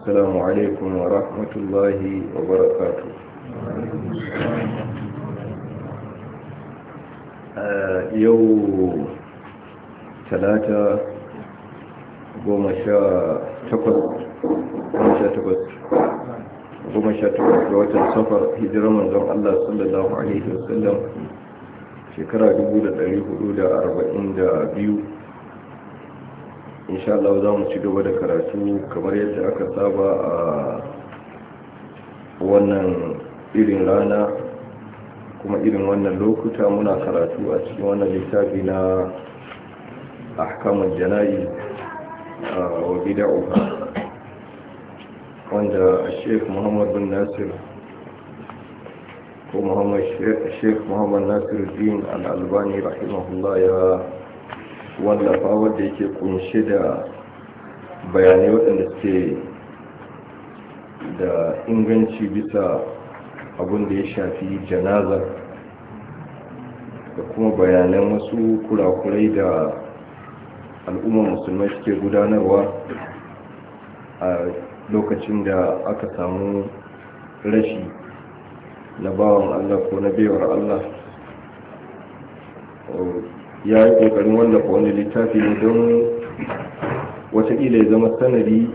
السلام عليكم ورحمة الله وبركاته آه، يو ثلاثة غمشة تقل غمشة تقل غمشة تقل جوات السفر في درمان زم الله صلى الله عليه وسلم شكرا جبودة أيه أولى أربعين دا بيو insha Allah za mu ci gaba da karatu kamar yadda aka saba a wannan irin rana kuma irin wannan lokuta muna karatu a cikin wannan littafi na ahkamul janayi wa uka wanda Sheikh Muhammad bin Nasir ko Muhammad Sheikh Muhammad Nasir Din Al-Albani rahimahullah ya wallafa wadda yake kunshi da bayanai waɗanda suke da inganci bisa abin da ya shafi janaza da kuma bayanan wasu kurakurai da al'umma musulmai suke gudanarwa a lokacin da aka samu rashi na bawan allah ko na bewar allah ya yi ƙoƙarin wallafa wani littafi ne don watakila ya zama sanari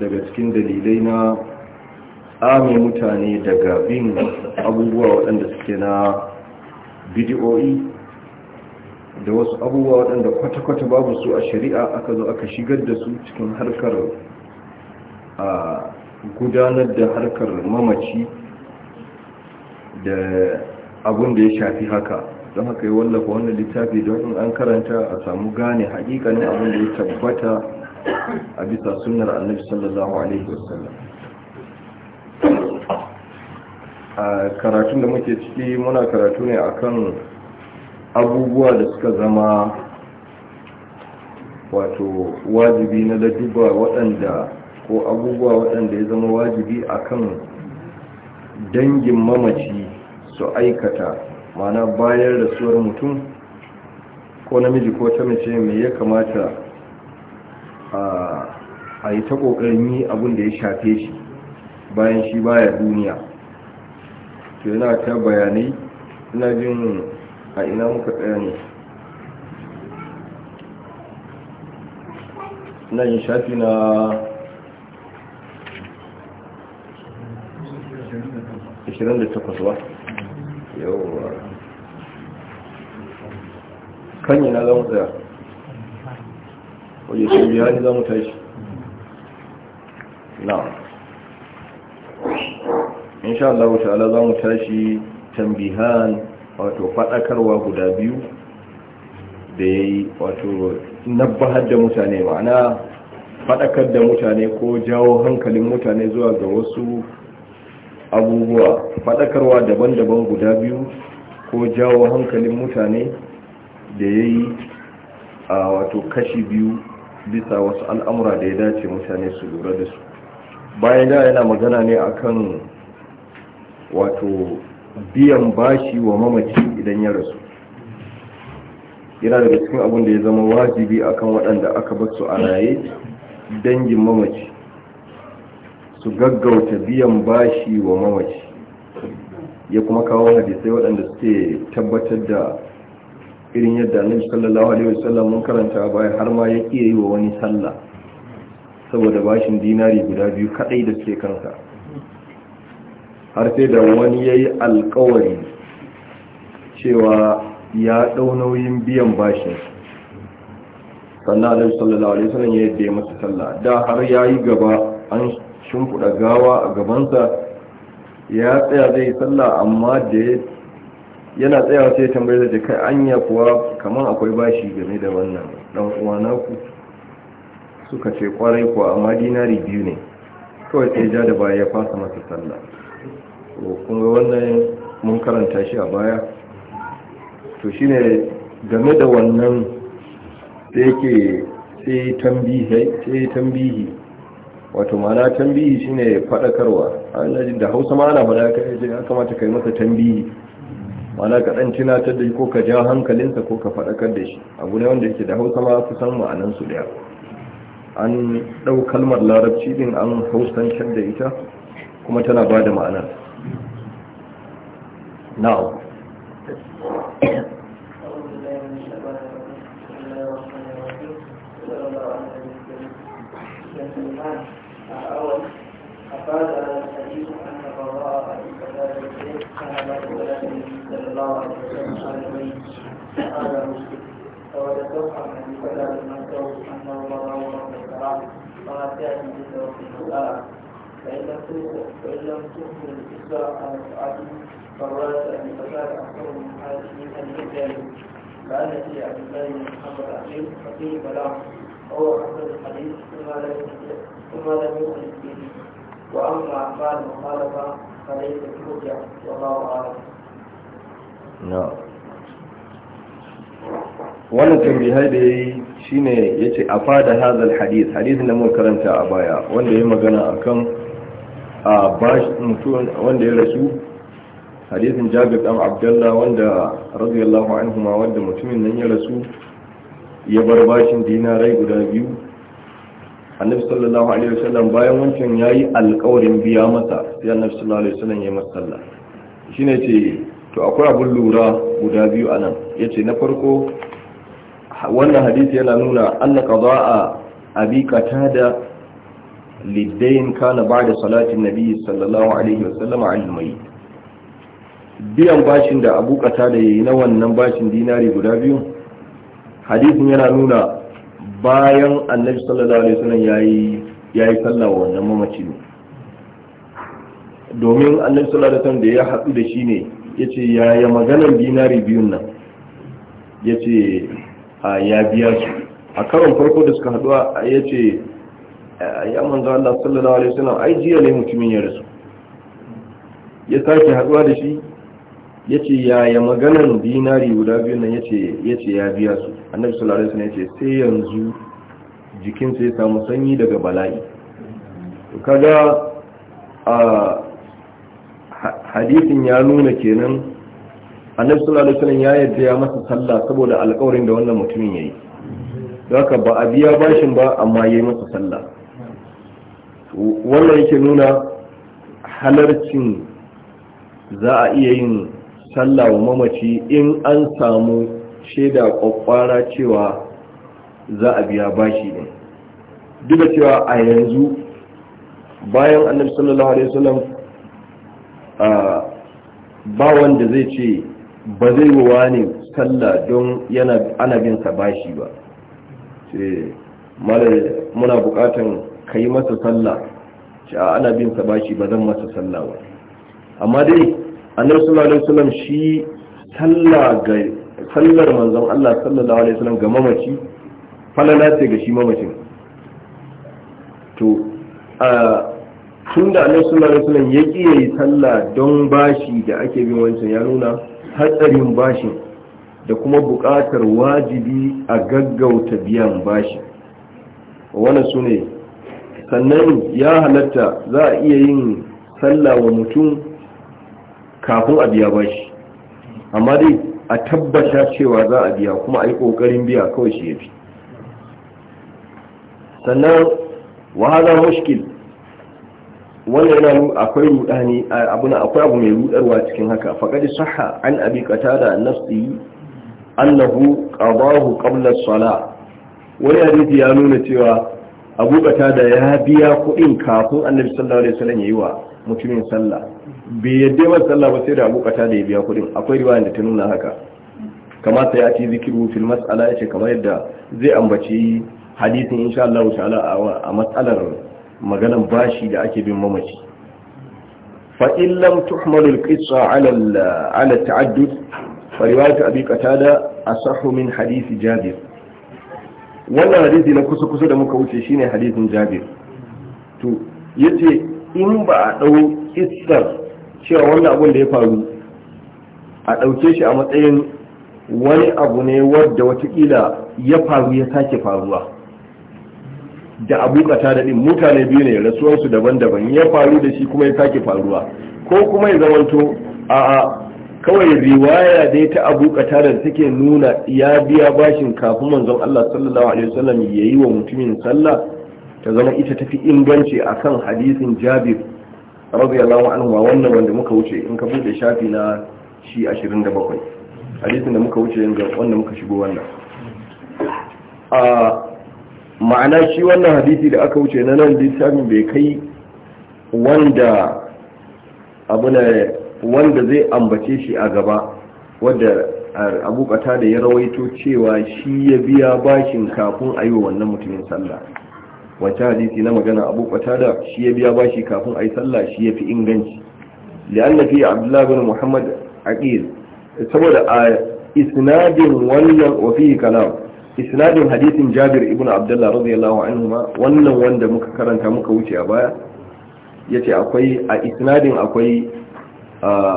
daga cikin dalilai na tsami mutane daga bin abubuwa waɗanda suke na bidiyoyi da wasu abubuwa waɗanda kwata-kwata babu su a shari'a aka zo aka shigar da su cikin harkar a gudanar da harkar mamaci da abin da ya shafi haka don haka yi wallafa wannan littafi don in an karanta a samu gane hakikanin abin da ya tabbata a bisa sunar annabi sallallahu alaihi wasallam a karatun da muke ciki muna karatu ne akan abubuwa da suka zama wato wajibi na laduba waɗanda ko abubuwa waɗanda ya zama wajibi akan dangin mamaci su aikata mana bayan rasuwar mutum ko namiji ko ta mace mai ya kamata a yi ta ƙoƙarin yi abin da ya shafe shi bayan shi baya duniya to yana ta bayanai ina jin a ina muka tsaya ne ina yin shafi na takwas ba yawwa kan yana za mu tsaya wajen shi biya ne za mu tashi na insha Allah ta'ala za mu tashi tambihan wato faɗakarwa guda biyu da ya yi wato nabbahar da mutane ma'ana faɗakar da mutane ko jawo hankalin mutane zuwa ga wasu abubuwa faɗakarwa daban-daban guda biyu ko jawo hankalin mutane da ya yi a wato kashi biyu bisa wasu al'amura da ya dace mutane su lura da su bayan da yana magana ne akan wato biyan bashi wa mamaci idan ya rasu yana daga cikin abin da ya zama wajibi akan waɗanda aka basu a raye dangin mamaci su gaggauta biyan bashi wa mamaci ya kuma kawo hadisai waɗanda suke tabbatar da irin yadda annabi sallallahu alaihi wasallam mun karanta baya har ma ya yi wa wani sallah saboda bashin dinari guda biyu kaɗai da suke kansa har sai da wani yayi alkawari cewa ya dau nauyin biyan bashin sannan annabi sallallahu alaihi wasallam ya yi masa sallah da har yayi gaba an shimfiɗa gawa a gabansa ya tsaya zai yi sallah amma da yana tsayawa sai tambaye da kai anya kuwa kamar akwai bashi game da wannan dan uwana ku suka ce kwarai kuwa amma dinari biyu ne kawai sai ja da baya ya fasa masa sallah kun wannan mun karanta shi a baya to shine game da wannan sai yake sai tambihi wato mana tambihi shine faɗakarwa. a jin da hausa ma ana fada ka yace eh, ya kamata kai masa tambihi mana ka dan tunatar da ko ka ja hankalinsa ko ka faɗakar da shi abu ne wanda yake da hausa ma kusan ma'anan su ɗaya. an dau kalmar larabci din an hausancar da ita kuma tana bada ma'anar na'am وسلم نفسه انه مضى وقت الصلاه فلا تاتي بسبب المساله فان لم فان لم تكن الاسلام عن سعته فالروايه ان فساد اكثر من هذه الحديث كان في عبد الله بن محمد الاخير فقيل بلاه هو حسن الحديث ثم لم ثم لم يؤمن به واما اعمال المخالفه فليست حجه والله اعلم. نعم. wannan tambihai da ya yi shine yace fada hadal hadith hadisin da muka karanta a baya wanda ya magana akan a bash mutum wanda ya rasu hadithin Jabir dan Abdullah wanda radiyallahu anhu ma wanda mutumin nan ya rasu ya bar bashin dinarai guda biyu annabi sallallahu alaihi wasallam bayan wancan yayi alƙawarin biya masa sai annabi sallallahu alaihi wasallam ya masa sallah shine ce to akwai abun lura guda biyu anan yace na farko wannan hadisi yana nuna anna qada'a abi qatada liddain kana ba'da salatin nabi sallallahu alaihi wasallam al-mayyit biyan bashin da abu qatada yayi na wannan bashin dinari guda biyu hadisin yana nuna bayan annabi sallallahu alaihi wasallam yayi yayi sallah wannan mamaci ne domin annabi sallallahu alaihi wasallam da ya hadu da shi ne yace yaya maganar dinari biyun nan yace ya biya su a karon farko da suka haɗu ya ce ya manzo Allah sallallahu alaihi wasallam ai jiya ne mutumin ya rasu ya sake haɗuwa da shi ya ce yaya maganar dinari guda biyu nan ya ce ya biya su annabi sallallahu alaihi wasallam ya ce sai yanzu jikinsa ya samu sanyi daga bala'i kaga a hadisin ya nuna kenan annabi sallallahu alaihi wasallam ya yadda ya masa sallah saboda alƙawarin da wannan mutumin yayi haka ba a biya bashin ba amma yayi masa sallah wannan yake nuna halarcin za a iya yin sallah wa mamaci in an samu shaida kwakwara cewa za a biya bashi ne duk cewa a yanzu bayan annabi sallallahu alaihi wasallam ba wanda zai ce ba zai yi ne sallah don yana ana bin sa bashi ba ce muna bukatan kai masa sallah ce a ana bin sa bashi ba zan masa sallah ba amma dai annabi sallallahu alaihi wasallam shi sallah ga sallar manzon Allah sallallahu alaihi wasallam ga mamaci falala ce ga shi mamacin to a tun da annabi sallallahu alaihi wasallam ya kiyaye sallah don bashi da ake bin wancan ya nuna hatsarin bashin da kuma buƙatar wajibi a gaggauta biyan bashi, wani su sannan ya halatta za a iya yin sallah wa mutum kafin a biya bashi amma dai a tabbata cewa za a biya kuma a yi ƙoƙarin biya kawai shi ya fi sannan wahala mushkil wannan yana akwai rudani abuna akwai abu mai rudarwa cikin haka faqad sahha an abi qatada nafsi annahu qadahu qabla as-salah wani hadisi ya nuna cewa abu qatada ya biya kuɗin kafin annabi sallallahu alaihi wasallam yayi wa mutumin sallah bai yadda ba sallah ba sai da abu qatada ya biya kuɗin akwai riwaya da ta nuna haka Kamar sai ati zikiru fil mas'ala yace kamar yadda zai ambaci hadisin insha Allah ta'ala a mas'alar maganan bashi da ake bin mamaci fa'in lam tuhmalul qissa ala ta'addud fa riwayatu abi qatada asahhu min hadisi jabir wannan hadisi na kusa kusa da muka wuce shine hadisin jabir to yace in ba a dau qissar cewa wannan abun da ya faru a dauke shi a matsayin wani abu ne wadda watakila ya faru ya sake faruwa da abu da din mutane biyu ne rasuwarsu daban-daban ya faru da shi kuma ya sake faruwa ko kuma ya zamanto a kawai riwaya dai ta abu da take nuna ya biya bashin kafin manzon Allah sallallahu alaihi wasallam yi wa mutumin sallah ta zama ita tafi inganci akan hadisin Jabir radiyallahu anhu wannan wanda muka wuce in ka bude shafi na shi 27 hadisin da muka wuce wanda muka shigo wannan ma'ana shi wannan hadisi da aka wuce na nan lissafin bai kai wanda abuna wanda zai ambace shi a gaba wadda abu kata da ya rawaito cewa shi ya biya bashin kafin a yi wa wannan mutumin sallah wacce hadisi na magana abu kata da shi ya biya bashi kafin a yi sallah shi ya fi inganci li'anna fi abdullahi bin muhammad aqil saboda a isnadin wannan wa fi kalam isnadin hadisin jabir ibn abdullah radiyallahu ma wannan wanda muka karanta muka wuce a baya yace akwai a isnadin akwai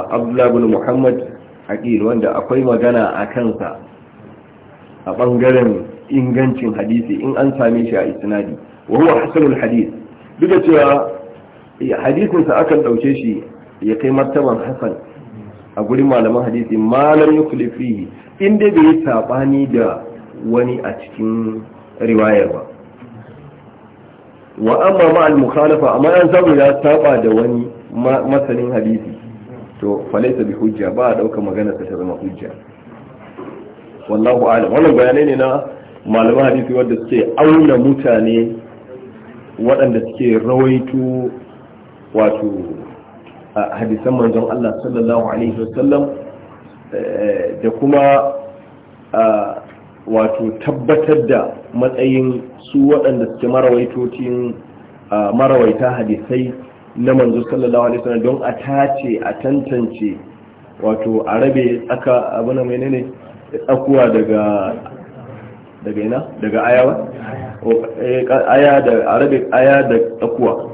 abdullah ibn muhammad aqil wanda akwai magana a kansa a bangaren ingancin hadisi in an same shi a isnadi wa huwa hasanul hadith duk da cewa hadisin sa akan dauke shi ya kai martaban hasan a gurin malaman hadisi malam yuklifi in dai bai sabani da wani a cikin riwayar ba wa amma ma al mukhalafa amma an zabu ya saba da wani masanin hadisi to falaita bi hujja ba a dauka magana ta zama hujja wallahu alam wannan bayanai ne na malaman hadisi wanda suke auna mutane waɗanda suke rawaito wato hadisan manzon Allah sallallahu alaihi wasallam eh, da kuma wato tabbatar da matsayin su waɗanda suke marawaitocin marawaita hadisai na manzo sallallahu alaihi wasallam don a tace a tantance wato a rabe tsaka abuna menene tsakuwa daga daga ina daga ayawa eh, aya da arabe aya da tsakuwa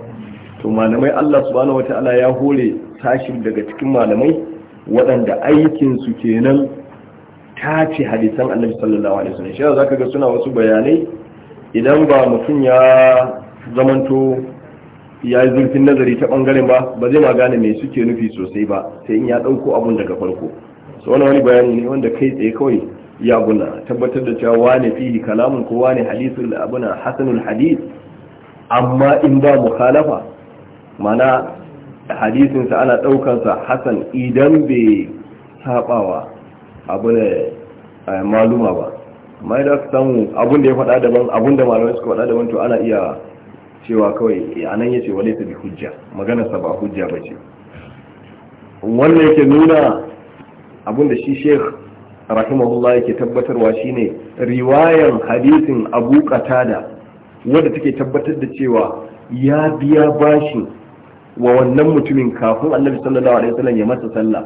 to malamai Allah subhanahu wataala ya hore tashi daga cikin malamai waɗanda aikin su kenan tace hadisan annabi sallallahu alaihi wasallam shi zaka ga suna wasu bayanai idan ba mutum ya zamanto ya yi zurfin nazari ta bangaren ba ba zai ma gane me suke nufi sosai ba sai in ya dauko abun daga farko so wani wani bayani ne wanda kai tsaye kawai ya guna tabbatar da cewa wane fihi kalamun ko wane hadisul abuna hasanul hadith amma in ba mukhalafa mana hadisinsa ana daukansa hasan idan bai sabawa abu ne maluma ba amma da aka samu abun da ya faɗa daban abun da malamai suka faɗa daban to ana iya cewa kawai eh, a nan ya wale ta bi hujja maganarsa ba hujja ba ce wannan yake nuna abun da shi sheikh rahimahullah yake tabbatarwa shine riwayan hadisin abu qatada wadda take tabbatar da cewa ya biya bashi wa wannan mutumin kafin annabi sallallahu alaihi wasallam ya masa sallah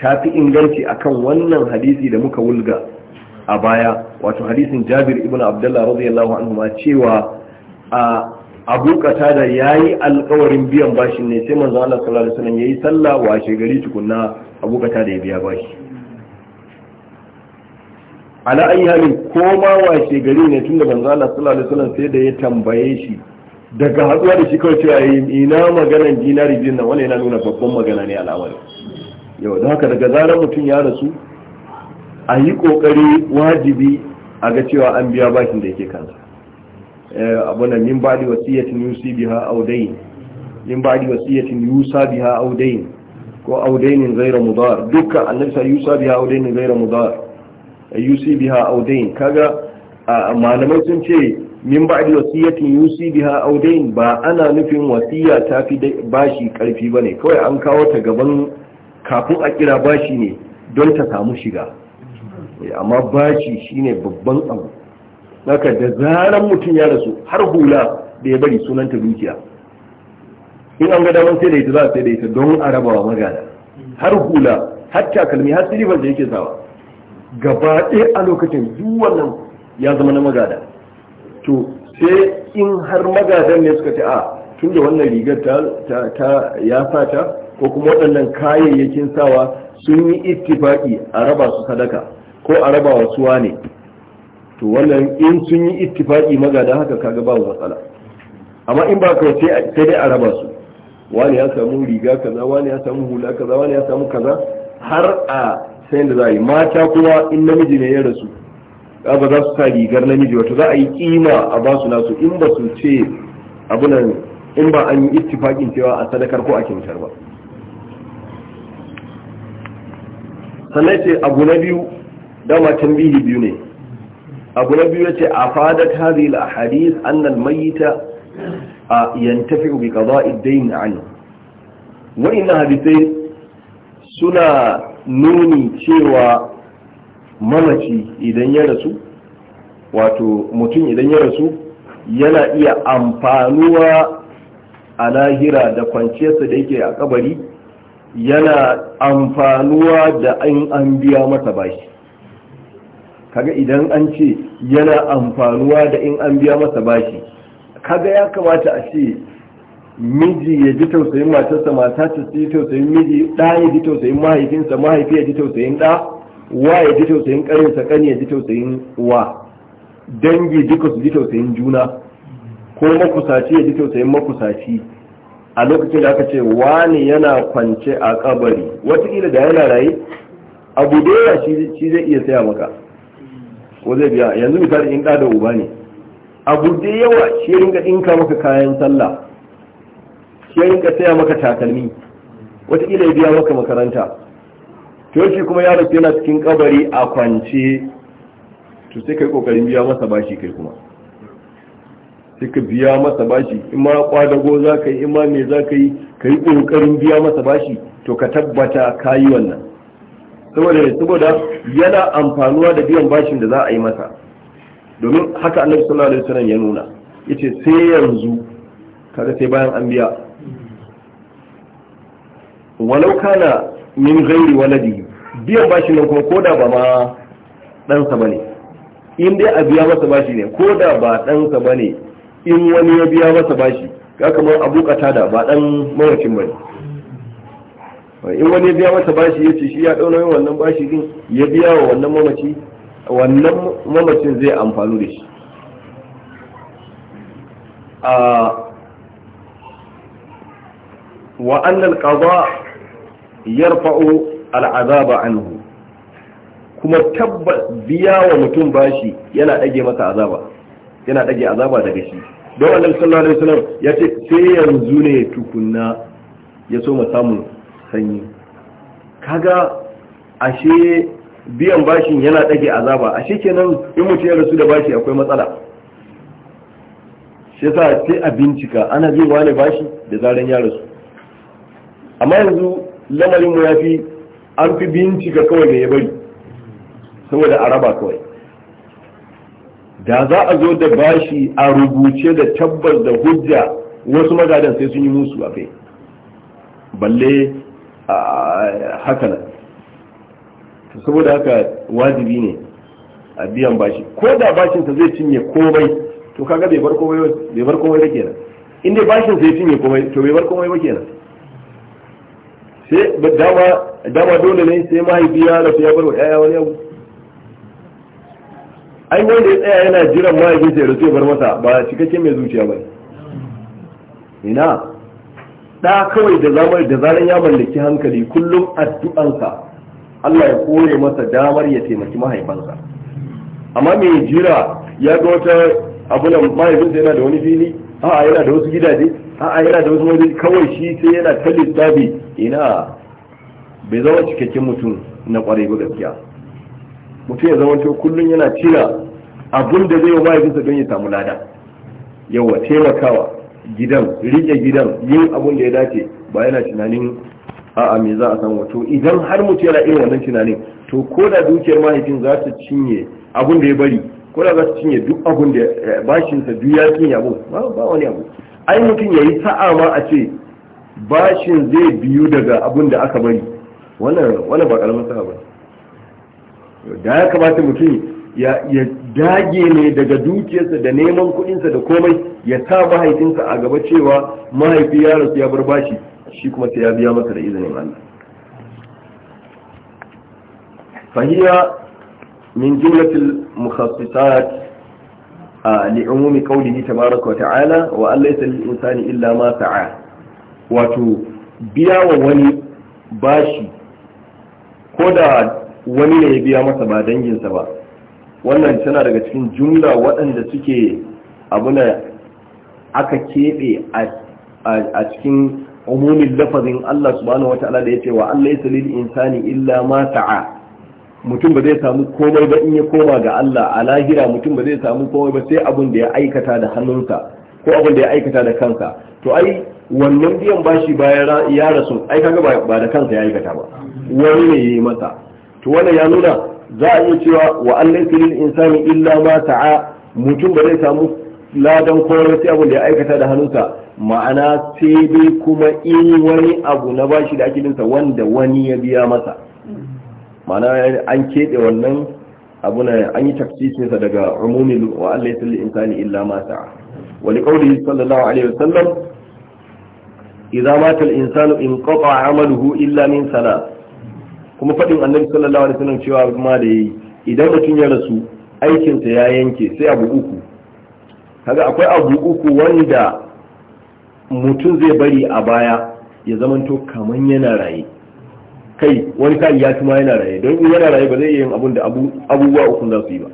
ta fi inganci akan wannan hadisi da muka wulga a baya wato hadisin jabir ibn abdullah radiyallahu anhu ma cewa a abu da yayi alƙawarin biyan bashin ne sai manzo Allah sallallahu alaihi wasallam yayi sallah wa shegari tukunna abu da ya biya bashi ala ayyalin ko ma wa shegari ne tunda manzo Allah sallallahu alaihi wasallam sai da ya tambaye shi daga haduwa da shi kawai cewa ina maganan dinari din nan wannan yana nuna babban magana ne al'amarin. yau da haka daga zarar mutum ya rasu a yi kokari wajibi a ga cewa an biya bakin da yake kansa eh, abuna min ba'di wasiyatin yusi biha aw dayn wasiyatin yusa biha aw ko aw Zaira ghayra mudar dukkan annabi sai yusa biha aw Zaira ghayra mudar eh, yusi biha aw dayn kaga malamai sun ce min ba'di wasiyatin yusi biha aw ba ana nufin wasiya ta fi bashi karfi bane kawai an kawo ta gaban kafin a kira bashi ne don ta samu shiga eh, amma bashi shine babban abu haka da zaran mutum ya rasu har hula da ya bari sunanta dukiya in an ga daman sai da ita za a sai da ita don a rabawa magana har hula har takalmi har silifar da yake zawa gaba ɗaya a lokacin duk wannan ya zama na magada to sai in har magadan ne suka ta a ah, tun da wannan rigar ta ya fata ko kuma waɗannan kayayyakin sawa sun yi ittifaki a raba su sadaka ko a raba wa suwa ne to wannan in sun yi ittifaki magada haka kaga babu matsala amma in ba kawai sai dai a raba su wani ya samu riga kaza wani ya samu hula kaza wani ya samu kaza har a sai da za a yi mata kuma in namiji ne ya rasu ba za su sa rigar namiji wato za a yi kima a ba su nasu in ba su ce abunan in ba an yi ittifakin cewa a sadakar ko a kyautar ba sannan ce abu na biyu dama tambihi biyu ne abu na biyu yace a hadhihi al-ahadith anna al-mayyita yantafi'u ubi gaba idai na ainihin Wani na hadisai suna nuni cewa mamaci idan ya rasu wato mutum idan ya rasu yana iya amfanuwa a lahira da kwanciyarsa da yake a kabari yana amfanuwa da an an biya masa bashi kaga idan an ce yana amfanuwa da in an biya masa bashi kaga ya kamata a ce miji ya ji tausayin matarsa mata ta ji tausayin miji ɗa ya ji tausayin mahaifinsa mahaifi ya ji tausayin ɗa wa ya ji tausayin ƙarinsa ƙani ya ji tausayin wa dangi duka su ji tausayin juna ko makusaci ya ji tausayin makusaci a lokacin da aka ce wani yana kwance a kabari watakila da yana raye abu da shi zai iya saya maka ko zai biya yanzu misali in da uba ne abu da yawa shi ringa dinka maka kayan sallah shi ringa saya maka takalmi watakila ya biya maka makaranta to shi kuma yaro yana cikin kabari a kwance to sai kai kokarin biya masa bashi kai kuma sai biya masa bashi in ma kwadago za ka yi in ma me za ka yi ka yi ƙoƙarin biya masa bashi to ka tabbata ka yi wannan saboda saboda yana amfanuwa da biyan bashin da za a yi masa domin haka annabi sallallahu alaihi wasallam ya nuna yace sai yanzu kaga sai bayan an biya walau kana min ghairi waladi biyan bashin nan kuma koda ba ma sa bane in dai a biya masa bashi ne koda ba ɗansa bane in wani ya biya masa bashi ga kamar abu da ba dan mawacin bane in wani ya biya masa bashi ya ce shi ya dauna yin wannan bashi din ya biya wa wannan mamaci wannan mamacin zai amfanu da shi a wa annal qada yarfa'u al'azaba anhu kuma tabbas biya wa mutum bashi yana dage masa azaba yana dage azaba daga shi don Allah sallallahu alaihi wasallam ya ce sai yanzu ne tukunna ya so samun sanyi kaga ashe biyan bashin yana dage azaba ashe kenan in mutum ya rasu da bashi akwai matsala shi yasa sai a bincika ana zai wani bashi da zaran ya rasu amma yanzu lamarin mu ya fi an fi bincika kawai mai ya bari saboda araba kawai da za a zo da bashi a rubuce da tabbas da hujja wasu magadan sai sun yi musu a kai balle a nan saboda haka wajibi ne a biyan bashi ko da bashinsa zai cinye komai to kaga bai bar komai da kenan in dai bashin zai cinye komai to bai bar komai ba kenan sai dama dole ne sai mahaifi ya rasu ya bar wa 'ya'ya wani abu ai wanda ya tsaya yana jiran ma ya rasu ya bar masa ba cikakken mai zuciya ba ina da kawai da zamar da zaran ya mallaki hankali kullum addu'ansa Allah ya kore masa damar ya taimaki mahaifansa amma mai jira ya ga wata abu da mahaifinsa yana da wani fili a yana da wasu gidaje a yana da wasu wani kawai shi sai yana ta lissafi ina bai zama cikakken mutum na kwarai ba gaskiya mutum ya zamanto kullum yana cira abun da zai yi mahaifinsa don ya samu lada yawa taimakawa gidan rike gidan yin abun da ya dace ba yana tunanin a'a me za a samu wato. idan har mutum yana irin wannan tunanin to ko da dukiyar mahaifin za su cinye abun da ya bari ko da za su cinye duk abun da eh, sa duk ya cinye abun ba wani abu ai mutum ya yi sa'a ma a ce bashin zai biyu daga abun da aka bari wannan ba karamin sa'a ba da ya kamata mutum ya dage ne daga dukiyarsa da neman kuɗinsa da komai ya sa mahaifinsa a gaba cewa mahaifi ya rasu ya bar bashi shi kuma sai ya biya masa da izinin Allah fahiya min jumlatil mukhassisat لعموم قوله ta'ala wa وأن ليس insani illa ma sa'a wato biya wa wani bashi ko da wani ne ya biya masa ba danginsa ba wannan tana daga cikin jumla waɗanda suke abuna aka keɓe a cikin umumin lafazin Allah subhanahu wata'ala da ya ce wa Allah ya salil insani illa ma ta'a mutum ba zai samu komai ba in ya koma ga Allah a lahira mutum ba zai samu komai ba sai abin da ya aikata da hannunsa ko abin da ya aikata da kansa to ai wannan biyan bashi bayan ya rasu ai kaga ba da kansa ya aikata ba wani ne ya yi masa to wannan ya nuna za a iya cewa wa an laysa lil insani illa ma sa'a mutum ba zai samu ladan kore sai abin da ya aikata da hannunsa ma'ana sai dai kuma in wani abu na bashi da ake dinsa wanda wani ya biya masa ma'ana an keɓe wannan abu na an yi tafsirinsa daga umumin wa Allah ya salli insani illa ma sa'a wa li qawlihi sallallahu alaihi wasallam idza mata al insanu in qata'a amaluhu illa min salat kuma faɗin annabi sallallahu alaihi wasallam cewa ma da yayi idan mutum ya rasu aikinsa ya yanke sai abu uku kaga akwai abu uku wanda mutum zai bari a baya ya zamanto kaman yana raye kai wani kai ya tuma yana raye don in yana raye ba zai yi abun da abubuwa uku za su yi ba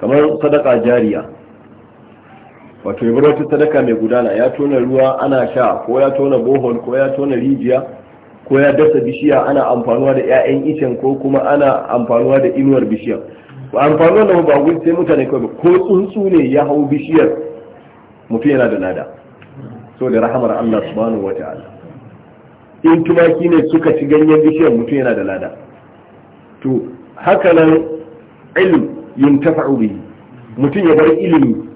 kamar sadaka jariya wato ya bar wata sadaka mai gudana ya tona ruwa ana sha ko ya tona bohol ko ya tona rijiya ko ya dasa bishiya ana amfanuwa da 'ya'yan icen ko kuma ana amfanuwa da inuwar bishiyar ba amfanuwa da ba wai sai mutane kawai ba ko tsuntsu ne ya hau bishiyar mutum yana da lada so da rahamar Allah subhanahu wa ta'ala in tumaki ne suka ci ganyen bishiyar mutum yana da lada to haka nan ilm yuntafa'u bihi mutum ya bar ilimi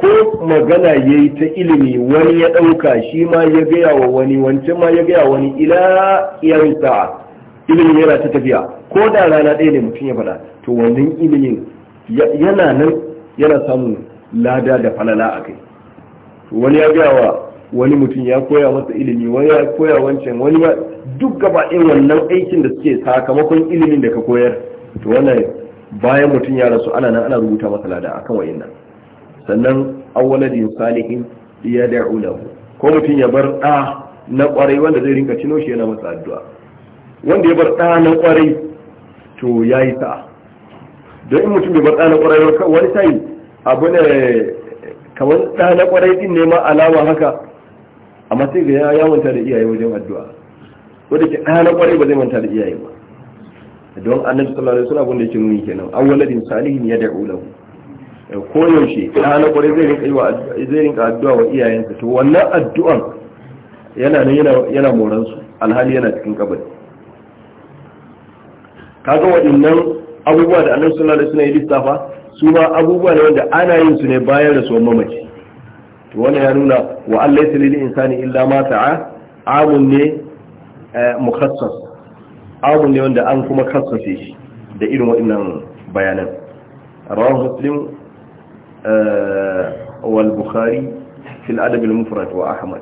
ko magana ya yi ta ilimi wani ya ɗauka shi ma ya gaya wa wani wancan ma ya gaya wani ila iyarinsa ilimin yana ta tafiya ko da rana ɗaya ne mutum ya faɗa to wannan ilimin yana nan yana samun lada da falala a kai wani ya gaya wa wani mutum ya koya masa ilimi wani ya koya wancan wani ya duk gaba ɗin wannan aikin da suke sakamakon ilimin da ka koyar to wannan bayan mutum ya rasu ana nan ana rubuta masa lada akan wa'in nan sannan awwaladin salihin ya da'u lahu ko mutum ya bar da na kwarai wanda zai rinka cino shi yana masa addu'a wanda ya bar da na kwarai to yayi ta don in mutum bai bar da na kwarai ba wani sai abu ne kamar da na kwarai din ne ma alama haka amma sai ga ya manta da iyaye wajen addu'a wanda ke da na kwarai ba zai manta da iyaye ba don annabi sallallahu alaihi wasallam abin da yake nuni kenan awwaladin salihin ya da'u lahu koyaushe ta na kwarai zai rinka addu'a wa iyayensa to wannan addu'an yana nan yana moransu alhali yana cikin kabari kaga waɗannan abubuwa da annabi sallallahu alaihi wasallam ya lissafa su ma abubuwa ne wanda ana yin su ne bayan su mamaci to wannan ya nuna wa Allah ya lil insani illa ma ta'a amun ne eh, mukhassas amun ne wanda an kuma kassace shi da irin waɗannan bayanan rawahu muslim والبخاري في الأدب المفرد وأحمد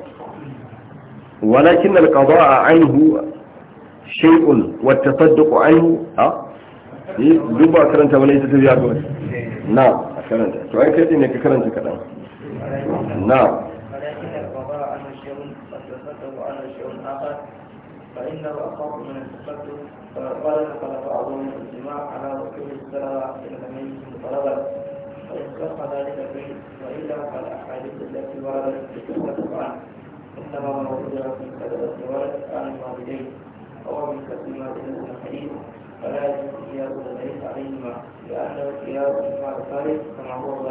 ولكن القضاء عنه شيء والتصدق عنه ها دبا كرنت وليس تبيعك نعم كرنت تعيك يتنك كرنت كرنت نعم كما في عن الوالدين أو من الحديث فلا يجوز عليهما لأن مع الثالث كما هو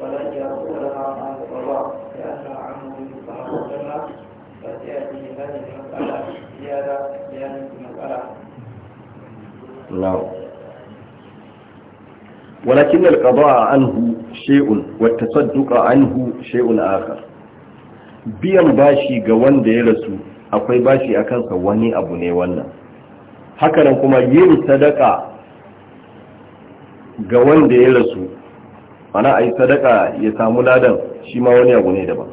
ولا لها لأنها كما هذه المسألة زيادة المسألة نعم ولكن القضاء عنه شيء والتصدق عنه شيء آخر biyan bashi ga wanda ya rasu akwai bashi a kansa wani abu ne wannan hakanan kuma yin sadaka ga wanda ya rasu mana a yi sadaka ya samu ladan shi ma wani abu ne daban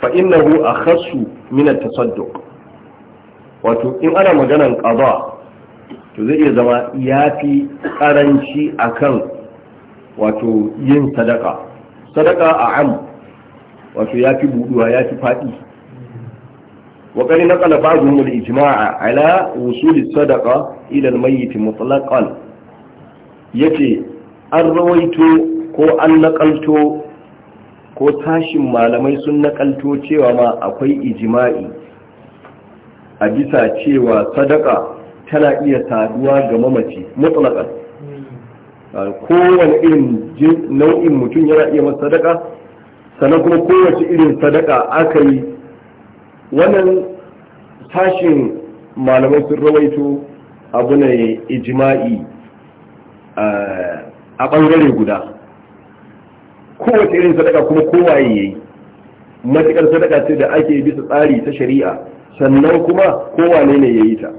fa'innahu a khassu minar tasadduk wato in ana maganan ƙaba to zai iya zama ya fi ƙaranci akan wato yin sadaka sadaka a am wato ya fi buduwa ya fi faɗi wakari na kala bazu mu da ijima'a ala wusuli sadaka ila almayyiti mutlaqan yace an rawaito ko an nakalto ko tashin malamai sun nakalto cewa ma akwai ijima'i a bisa cewa sadaka tana iya saduwa ga mamaci mutlaqan hmm. kowane irin nau'in mutum yana iya masa sannan kuma kowace irin sadaka aka yi wannan tashin malamai sun rawaito abu ne ijima'i eh, a ɓangare guda kowace irin sadaka kuma kowaye ya yi matuƙar sadaka ce da ake bisa tsari ta shari'a sannan kuma kowane ne ya yi ta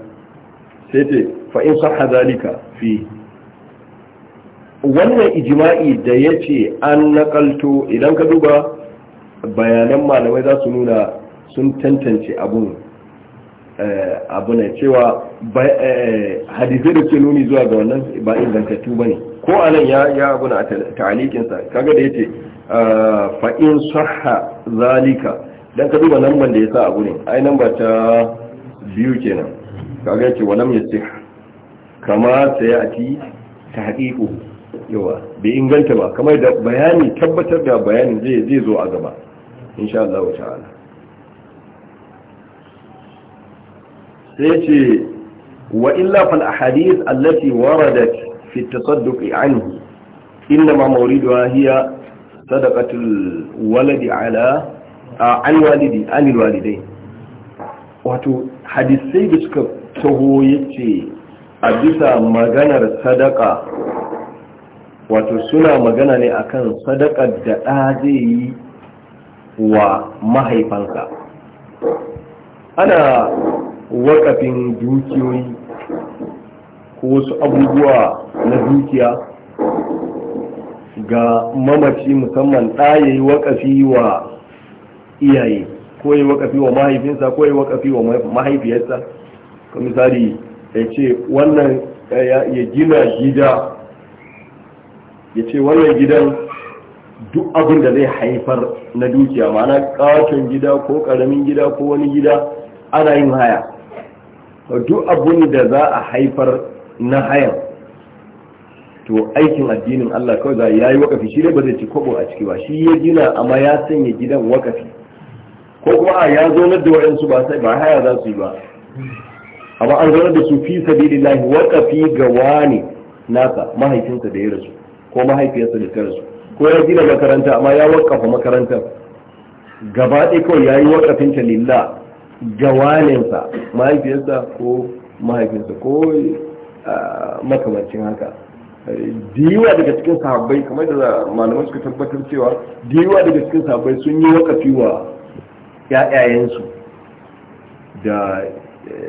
sai ce fa'in sa zalika fi wannan ijima'i da ya ce an nakalto idan ka duba bayanan malamai za su nuna sun tantance abun eh, abu ne cewa eh, hadisai da ke nuni zuwa ga wannan ba ingantattu ba ne ko anan ya abu na ta'alikinsa kaga da yace ce eh, fa'in sahha zalika don ka duba nan da sa abu ne ai nan ba ta biyu kenan kaga yace walam ce kama ta haƙiƙo yawa bai inganta ba kamar da bayani tabbatar da bayanin zai zo a gaba insha Allah ta'ala sai ce wa illa fal ahadith allati waradat fi at-tasadduq anhu inma mawriduha hiya sadaqatul waladi ala an walidi an walidai wato hadisai da suka taho yace a bisa maganar sadaka wato suna magana ne akan sadakar da ɗa zai yi wa mahaifansa ana wakafin dukiyoyi ko wasu abubuwa na dukiya ga mamaci musamman ɗa ya yi wakafi wa iyaye ko ya yi wakafi wa mahaifinsa ko ya yi wakafi wa mahaifiyarsa ka misali ya ce wannan ya gina gida ya ce wannan gidan duk abin da zai haifar na dukiya mana kawakin gida ko karamin gida ko wani gida ana yin haya duk abin da za a haifar na hayan to aikin addinin Allah kawai za ya yi wakafi shi ne ba zai ci kobo a ciki ba shi ya gina amma ya sanya gidan wakafi ko kuma a ya zonar da wayansu ba sai ba haya za su yi ba amma an zonar da su fi sabilillahi wakafi ga wani nasa mahaifinsa da ya rasu ko mahaifiyarsa da kansu ko ya gina makaranta amma ya wakafa makarantar gaba ɗaya kawai ya yi wakafin ta lilla. ga walinsa, mahaifiyarsa ko mahaifinsa ko makamancin haka diwa daga cikin sahabbai kamar da malamai suka tabbatar cewa diwa daga cikin sahabbai sun yi wakafi wa ƴaƴayensu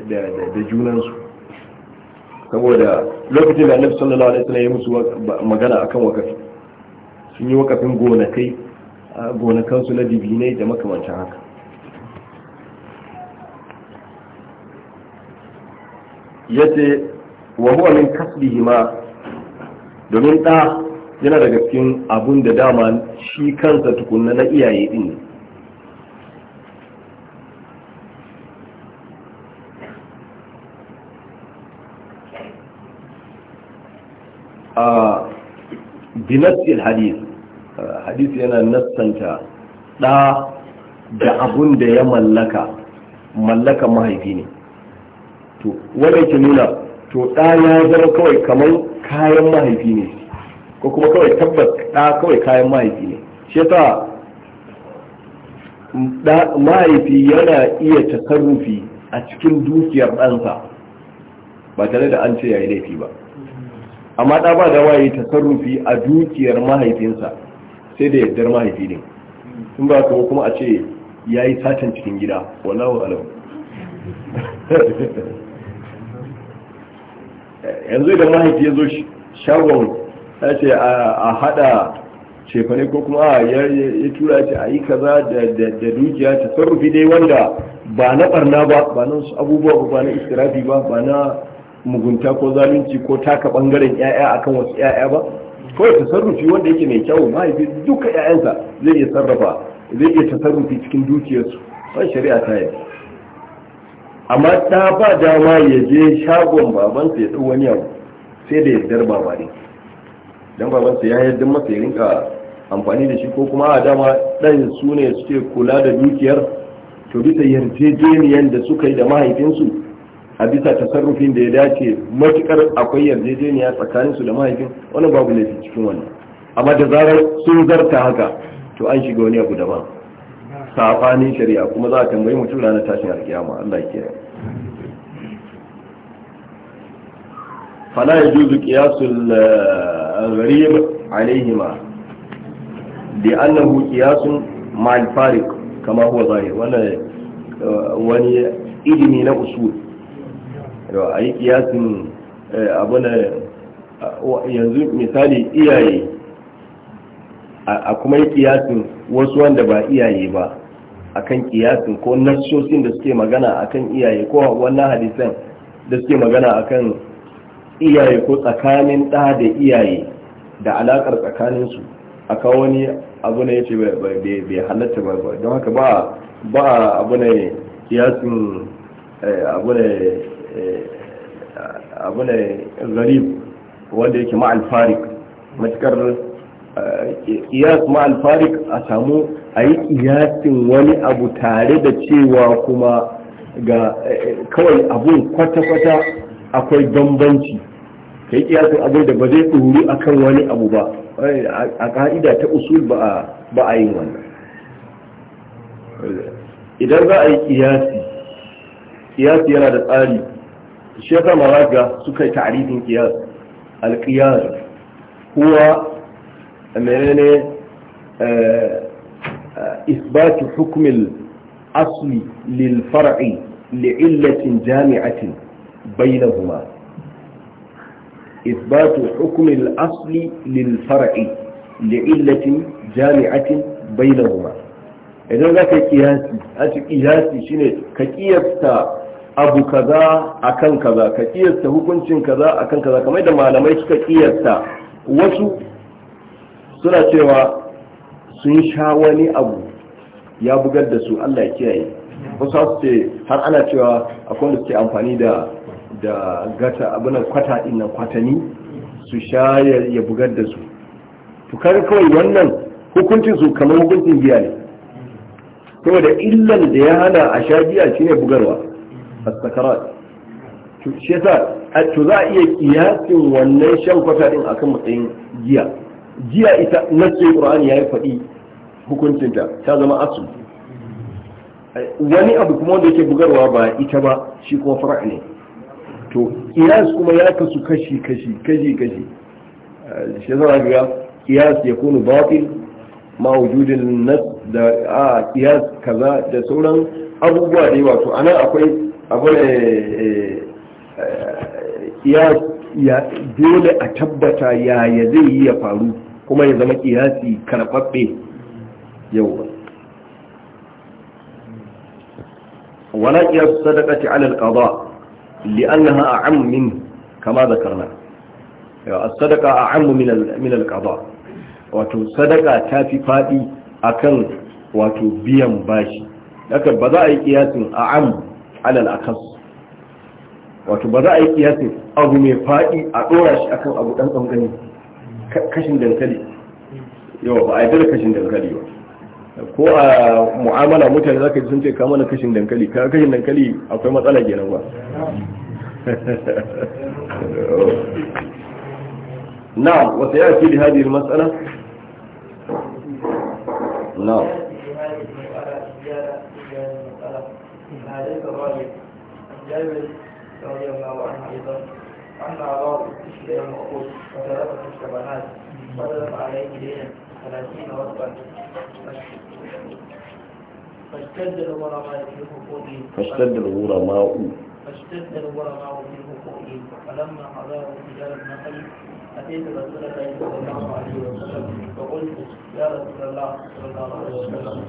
da junansu saboda lokacin da annabi sallallahu alaihi wasallam ya musu magana akan wakafi sun yi wakafin gonakai gonakansu na dibinai da makamancin haka yace wa huwa min kasbihima domin da yana daga cikin abun da dama shi kansa tukunna na iyaye din a binassil hadith hadith yana nassanta ɗa da abun da ya mallaka mallaka mahaifi ne to wanda yake nuna to ɗa ya zama kawai kamar kayan mahaifi ne ko kuma kawai tabbas ɗa kawai kayan mahaifi ne shi yasa mahaifi yana iya tasarrufi a cikin dukiyar ɗansa ba tare da an ce yayi laifi ba amma da ba da waye tasarrufi a dukiyar mahaifinsa sai da yardar mahaifi ne sun ba kuma kuma a ce ya yi satan cikin gida wallahu alam yanzu idan mahaifi ya zo shagon ya ce a hada cefane ko kuma a ya tura ce a yi kaza da dukiya tasarrufi dai wanda ba na barna ba ba na abubuwa ba na istirafi ba ba na mugunta ko zalunci ko taka bangaren yaya akan wasu yaya ba ta tasarrufi wanda yake mai kyau mahaifi duka yayansa zai iya sarrafa zai iya tasarrufi cikin dukiyarsu sai shari'a ta yi amma ta ba dama ya je shagon babansa ya dau wani abu sai da yardar baba ne dan babansa ya yarda masa ya rinka amfani da shi ko kuma a dama dan su ne suke kula da dukiyar to bisa yarjejeniyar da suka yi da mahaifinsu a bisa tasarrufin da ya dace matukar akwai yarjejeniya tsakanin su da mahaifin wani babu laifi cikin wani. amma da zarar sun zarta haka to an shiga wani abu daban safanin shari'a kuma za a tambayi mutum ranar tashin alkiyama Allah ya kira fala juzu qiyasul eh, gharib alaihima li'annahu qiyasun ma'al fariq kama huwa zahir wannan eh, wani ilimi na usul cewa a yi kiyasin eh, abu na yanzu misali iyaye a kuma yi kiyasin wasu wanda ba iyaye ba a kan kiyasin ko nassosin da suke magana a kan iyaye ko wannan hadisan da suke magana a kan iyaye ko tsakanin ɗa da iyaye da alaƙar tsakaninsu a kawo wani abu ne ya ce bai halatta ba don haka ba abu ne kiyasin eh, abu ne abu ne wanda yake ma'al farik matukar kiyas eh, ma'al a samu a yi kiyasin wani abu tare da cewa kuma ga eh, kawai abun kwata-kwata akwai bambanci ka yi kiyasin abin da ba zai tsoro a kan wani abu ba eh, a ka'ida ta usul ba a yin wannan idan za a yi kiyasi kiyasi yana da tsari الشيخ مراجع سكة تعريف القياس القياس هو أمرين إثبات حكم الأصل للفرع لعلة جامعة بينهما إثبات حكم الأصل للفرع لعلة جامعة بينهما إذا ذاك القياس هذا القياس شنو كقياس abu kaza akan kaza ka kiyasta hukuncin kaza akan kaza kamar da malamai suka kiyasta wasu suna cewa sun sha wani abu ya bugar da su Allah ya kiyaye wasu su ce har ana cewa akwai wanda suke amfani da da gata abinan kwata kwatani su sha ya bugar da su to kaga kawai wannan hukuncin su kamar hukuncin biya ne saboda illan da ya hana a sha giya shine bugarwa as-sakarat shi yasa to za a iya kiyasin wannan shan kwata din akan matsayin giya giya ita nasu qur'ani yayi faɗi hukuncinta ta zama asu wani abu kuma wanda yake bugarwa ba ita ba shi kuma fara ne to kiyas kuma ya kasu kashi kashi kashi kashi shi yasa ga kiyas ya kunu batil ma wujudin nas da a kiyas kaza da sauran abubuwa da yawa to anan akwai abin eh, eh, eh, ya dole a tabbata yaya zai yi ya faru kuma ya zama kiyasi karfaffe yau ba wala kiyas sadaqati ala alqada li'annaha a'am min kama da zakarna as-sadaqa a'am min min alqada wato sadaka ta fi faɗi akan wato biyan bashi haka ba za a yi kiyasin a a'am alal akas wato ba za a yi kiyasin abu mai faɗi a ɗora shi akan abu ɗan ƙanƙani kashin dankali yau ba a yi da kashin dankali ba ko a mu'amala mutane za ka ji sun ce ka mana kashin dankali ka kashin dankali akwai matsala kenan ba na'am wata ya fi da hadi matsala na'am عليك غالب جابر رضي الله عنه أيضا أن أراه استشفى المأخوذ وثلاثة مشتبهات وضرب عليه دينا ثلاثين وصفا فاشتد الغرماء في حقوقه فاشتد الغرماء فاشتد الغرماء في حقوقه فلما حضروا تجار النخل أتيت رسول الله صلى الله عليه وسلم فقلت يا رسول الله صلى الله عليه وسلم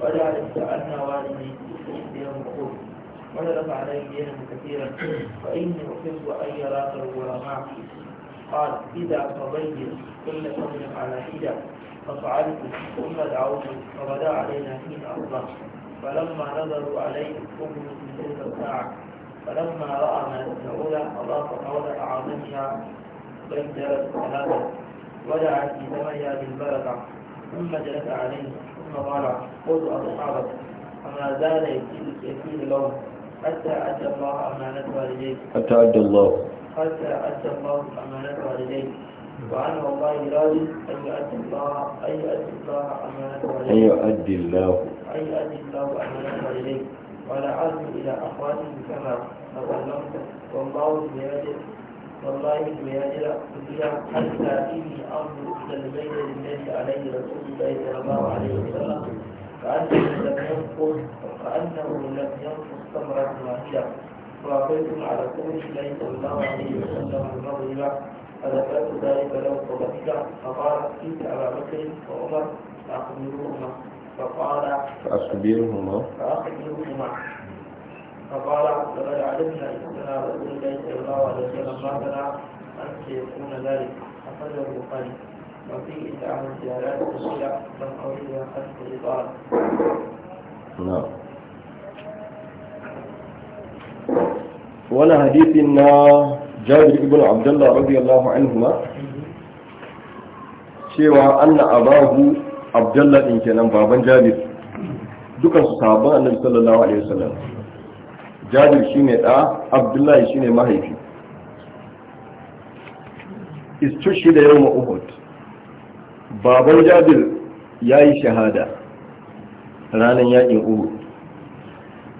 قد علمت أن والدي احدى النقود ونرف عليه دينا كثيرا فاني احب ان يراك الغرماء قال اذا قضيت كل امر على حده ففعلت ثم دعوت فبدا علينا حين اصبح فلما نظروا عليه امه من تلك الساعه فلما راى ما تدعون اضاف قول عظيمها بين ثلاثه ودعا في ثمنها بالبركه ثم جلس عليه ثم قال خذ اصحابك وما زال يزيد لهم حتى أدى الله أمانة والديه حتى أدى الله حتى أدى الله أمانة والديه وأنا والله راض أن يؤدي الله أن يؤدي الله أمانة والديه أن يؤدي الله أن يؤدي الله أمانة والديه ولا عزم إلى أخواتهم كما تظلمت والله بيده والله بيده بها حتى فيه أمر إلى البيت الذي عليه رسول الله صلى الله عليه وسلم كأنه لم ينقص كأنه لم ينقص ثمرة واحدة وأعطيتم على قول النبي صلى الله عليه وسلم المغرب فذكرت ذلك له فضحك فقالت اتيت أبا بكر وعمر فأخبرهما فقال فأخبرهما فأخبرهما فقال لقد علمنا إننا رسول الله صلى الله عليه وسلم ما لنا أن سيكون ذلك أخرجه البخاري وفيه دعم الزيارات الشيعة من أولياء خلف الإطار نعم wani hadisin na jabir ibn abdullah radiyallahu anhuma cewa anna abahu abdullah din kenan baban jabir dukan su sahabban annabi sallallahu alaihi wasallam jabir shine da abdullah shine mahaifi istushida yawma uhud baban jabir ya yi shahada ranar yakin uhud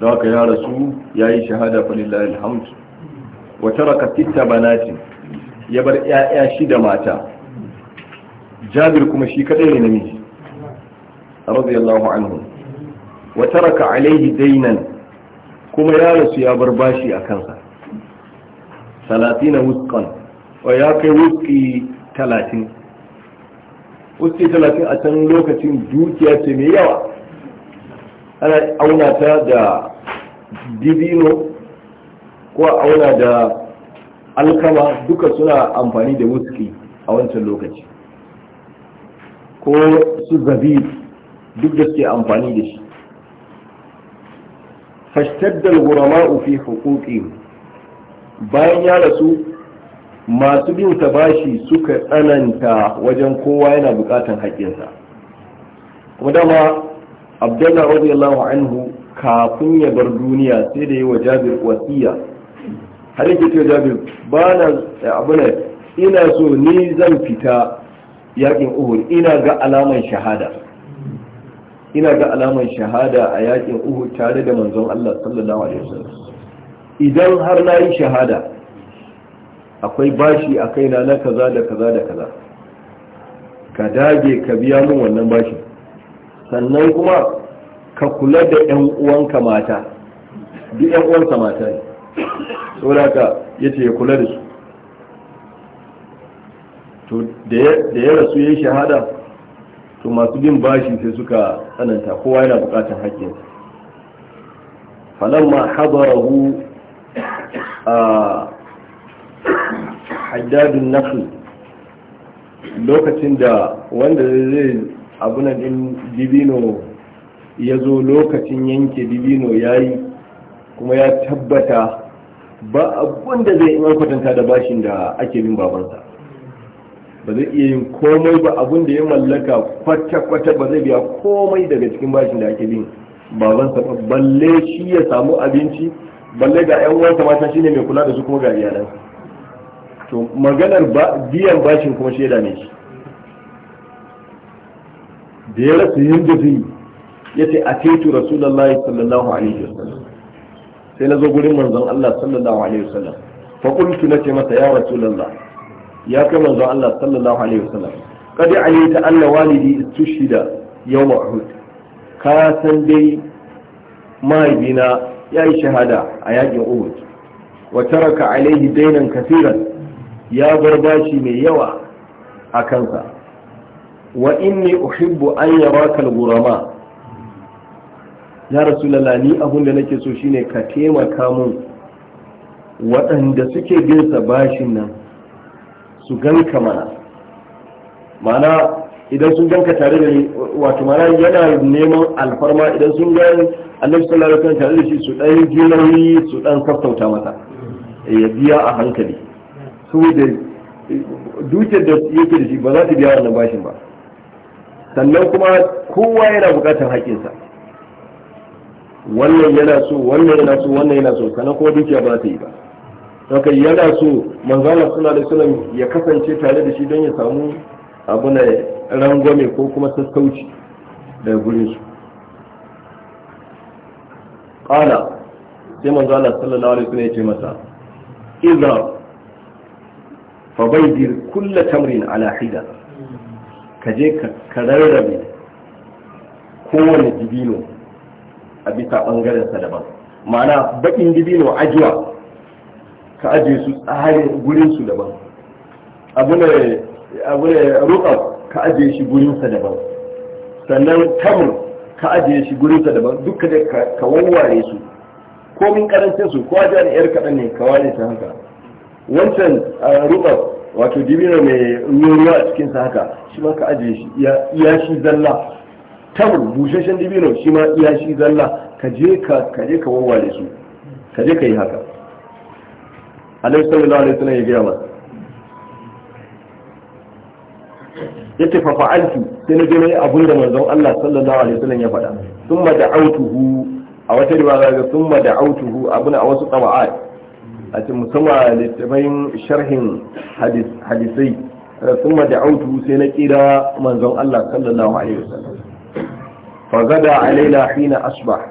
da haka ya rasu ya yi shahada falillahi alhamdu Wata taraka sitta banatin ya bar 'ya'ya shi da mata jabir kuma shi kadai ne namiji radiyallahu anhu Wata raka alaihi dainan kuma ya rasu ya bar bashi a kansa salatina wusqan wa ya kai wuski talatin wuce talatin a can lokacin dukiya ce mai yawa ana auna ta da dibino ko auna da alkama duka suna amfani da wuski a wancan lokaci ko su zabi duk da suke amfani da shi fashtaddal gurama fi hukuki bayan ya rasu masu bin ta bashi suka tsananta wajen kowa yana bukatan haƙƙinsa kuma dama abdullahi radiyallahu anhu kafin ya bar duniya sai da yi wa jabir wasiya har yake ce jabir ba na abu ne ina so ni zan fita yakin uhud ina ga alaman shahada ina ga alaman shahada a yakin uhud tare da manzon Allah sallallahu alaihi wasallam idan har na yi shahada akwai bashi a kaina na kaza da kaza da kaza ka dage ka biya min wannan bashi sannan kuma ka kula da yan uwanka mata duk yan uwansa mata ne saboda ka yace ya kula da su to da ya rasu yayin shahada to masu bin bashi sai suka tsananta kowa yana bukatar haƙƙin falamma hadarahu a ah, haddadun nafi lokacin da wanda zai abunan din dibino ya zo lokacin yanke dibino ya yi kuma ya tabbata ba abun da zai iya kwatanta da bashin da ake bin babansa ba zai iya yin komai ba abun da ya mallaka kwata-kwata ba zai biya komai daga cikin bashin da ake bin babansa balle shi ya samu abinci balle ga 'yan uwansa mata shine mai kula da su kuma ga iyalansa to maganar biyan bashin kuma shaida ne shi da ya rasa da zai ya ce a tetu rasulallah sallallahu alaihi wasallam sai na zo gurin manzon Allah sallallahu alaihi wasallam fa na ce masa ya rasulallah ya kai manzon Allah sallallahu alaihi wasallam qad alita anna walidi istushhida yawm uhud ka san dai mahaifina ya yi shahada a yaƙin uhud wa taraka alaihi dainan kafiran ya bashi mai yawa a kansa wa inni uhibbu an yaraka gurama ya rasulullah ni abun da nake so shine ka taimaka mun waɗanda suke bin sa bashin nan su ganka mana mana idan sun ganka tare da ni wato mana yana neman alfarma idan sun ga annabi sallallahu alaihi wasallam tare da shi su dan jinawi su dan sassauta mata eh, ya biya a hankali su da dukiyar da yake da shi ba za ta biya wannan bashin ba sannan kuma kowa yana bukatar haƙinsa wannan yana so wannan yana so wannan yana so sannan kuma dukiya ba ta yi ba haka yana so Manzana suna da sunan ya kasance tare da shi don ya samu abu na rangwame ko kuma sassauci da gurin su ƙala sai suna sallallahu alaihi wasallam ya ce masa izar fa baydir kulla tamrin ala hida ka je ka rarrabe kowane dibino a bisa bangaren sa daban ma'ana baƙin dibino ajiwa ka ajiye su tsarin gurin su daban abu ne abu roƙa ka ajiye shi gurin sa daban sannan tamr ka ajiye shi gurin sa daban duka da ka wawware su komin karancin su ko ajiya da yar kaɗan ne ka ware ta haka wancan roƙa wato dibino mai ruwa a cikin sa haka shi ma ka ajiye shi iya shi zalla tabur bushashen dibino shi ma iya shi zalla ka je ka ka je ka wawale su ka je ka yi haka alaihi sallallahu alaihi wasallam ya gaya masa yace fa fa'altu sai na je nayi abin da manzon Allah sallallahu alaihi wasallam ya faɗa thumma da'awtuhu a wata riwaya ga thumma da'awtuhu abuna a wasu tawaat a cikin musamman littafin sharhin hadisai sun autu sai na kira manzon Allah sallallahu alaihi wasallam fa gada alaina hina asba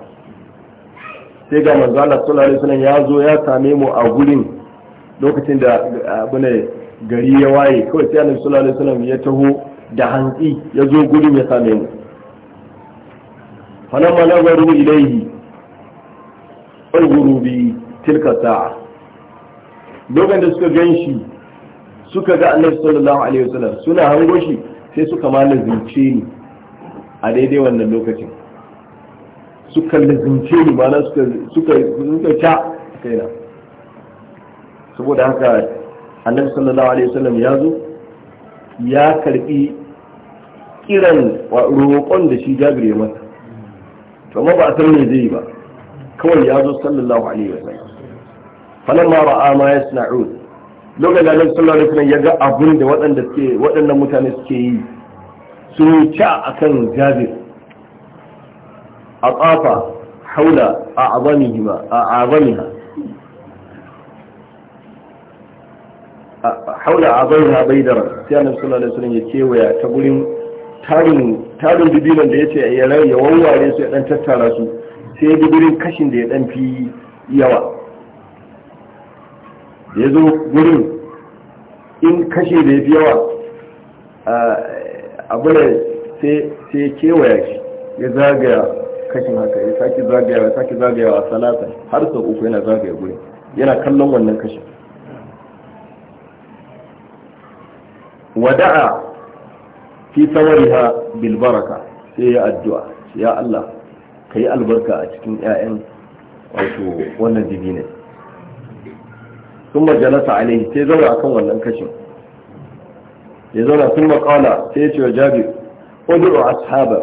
sai ga manzon Allah sallallahu alaihi wasallam ya zo ya same mu a gurin lokacin da abune gari ya waye kawai sai Annabi sallallahu alaihi wasallam ya taho da hantsi ya zo gurin ya same mu falamma nazaru ilaihi ulguru bi tilka sa'a dogon da suka gan shi suka ga annabi sallallahu alaihi wasallam suna hango shi sai suka ma lazimce ni a daidai wannan lokacin suka lazimce ni ba na suka suka suka ca kaina saboda haka annabi sallallahu alaihi wasallam ya zo ya karbi kiran roƙon da shi jabir ya mata to amma ba a san me zai yi ba kawai ya zo sallallahu alaihi wasallam falamma mara ma yasna'un lokacin da Annabi sallallahu alaihi ya ga abin da waɗanda suke waɗannan mutane suke yi sun yi ca akan Jabir a tsafa haula a a haula a sai Annabi sallallahu alaihi ya kewaya ta gurin tarin tarin dibinan da yace ya ya wawware su ya dan tattara su sai dibirin kashin da ya dan fi yawa ya zo gurin in kashe da ya fi yawa abu sai kewaya shi ya zagaya kashin haka ya sake zagaya ya sake zagaya a salata har sau uku yana zagaya gurin yana kallon wannan kashin wada'a fi ha bilbaraka sai ya addu'a ya Allah ka yi albarka a cikin 'ya'yan wato wannan ne. sun majalasa alaihi sai zaura kan wannan kashin ya zaura sun makala sai ya ce wa jabi ƙudu a ashaba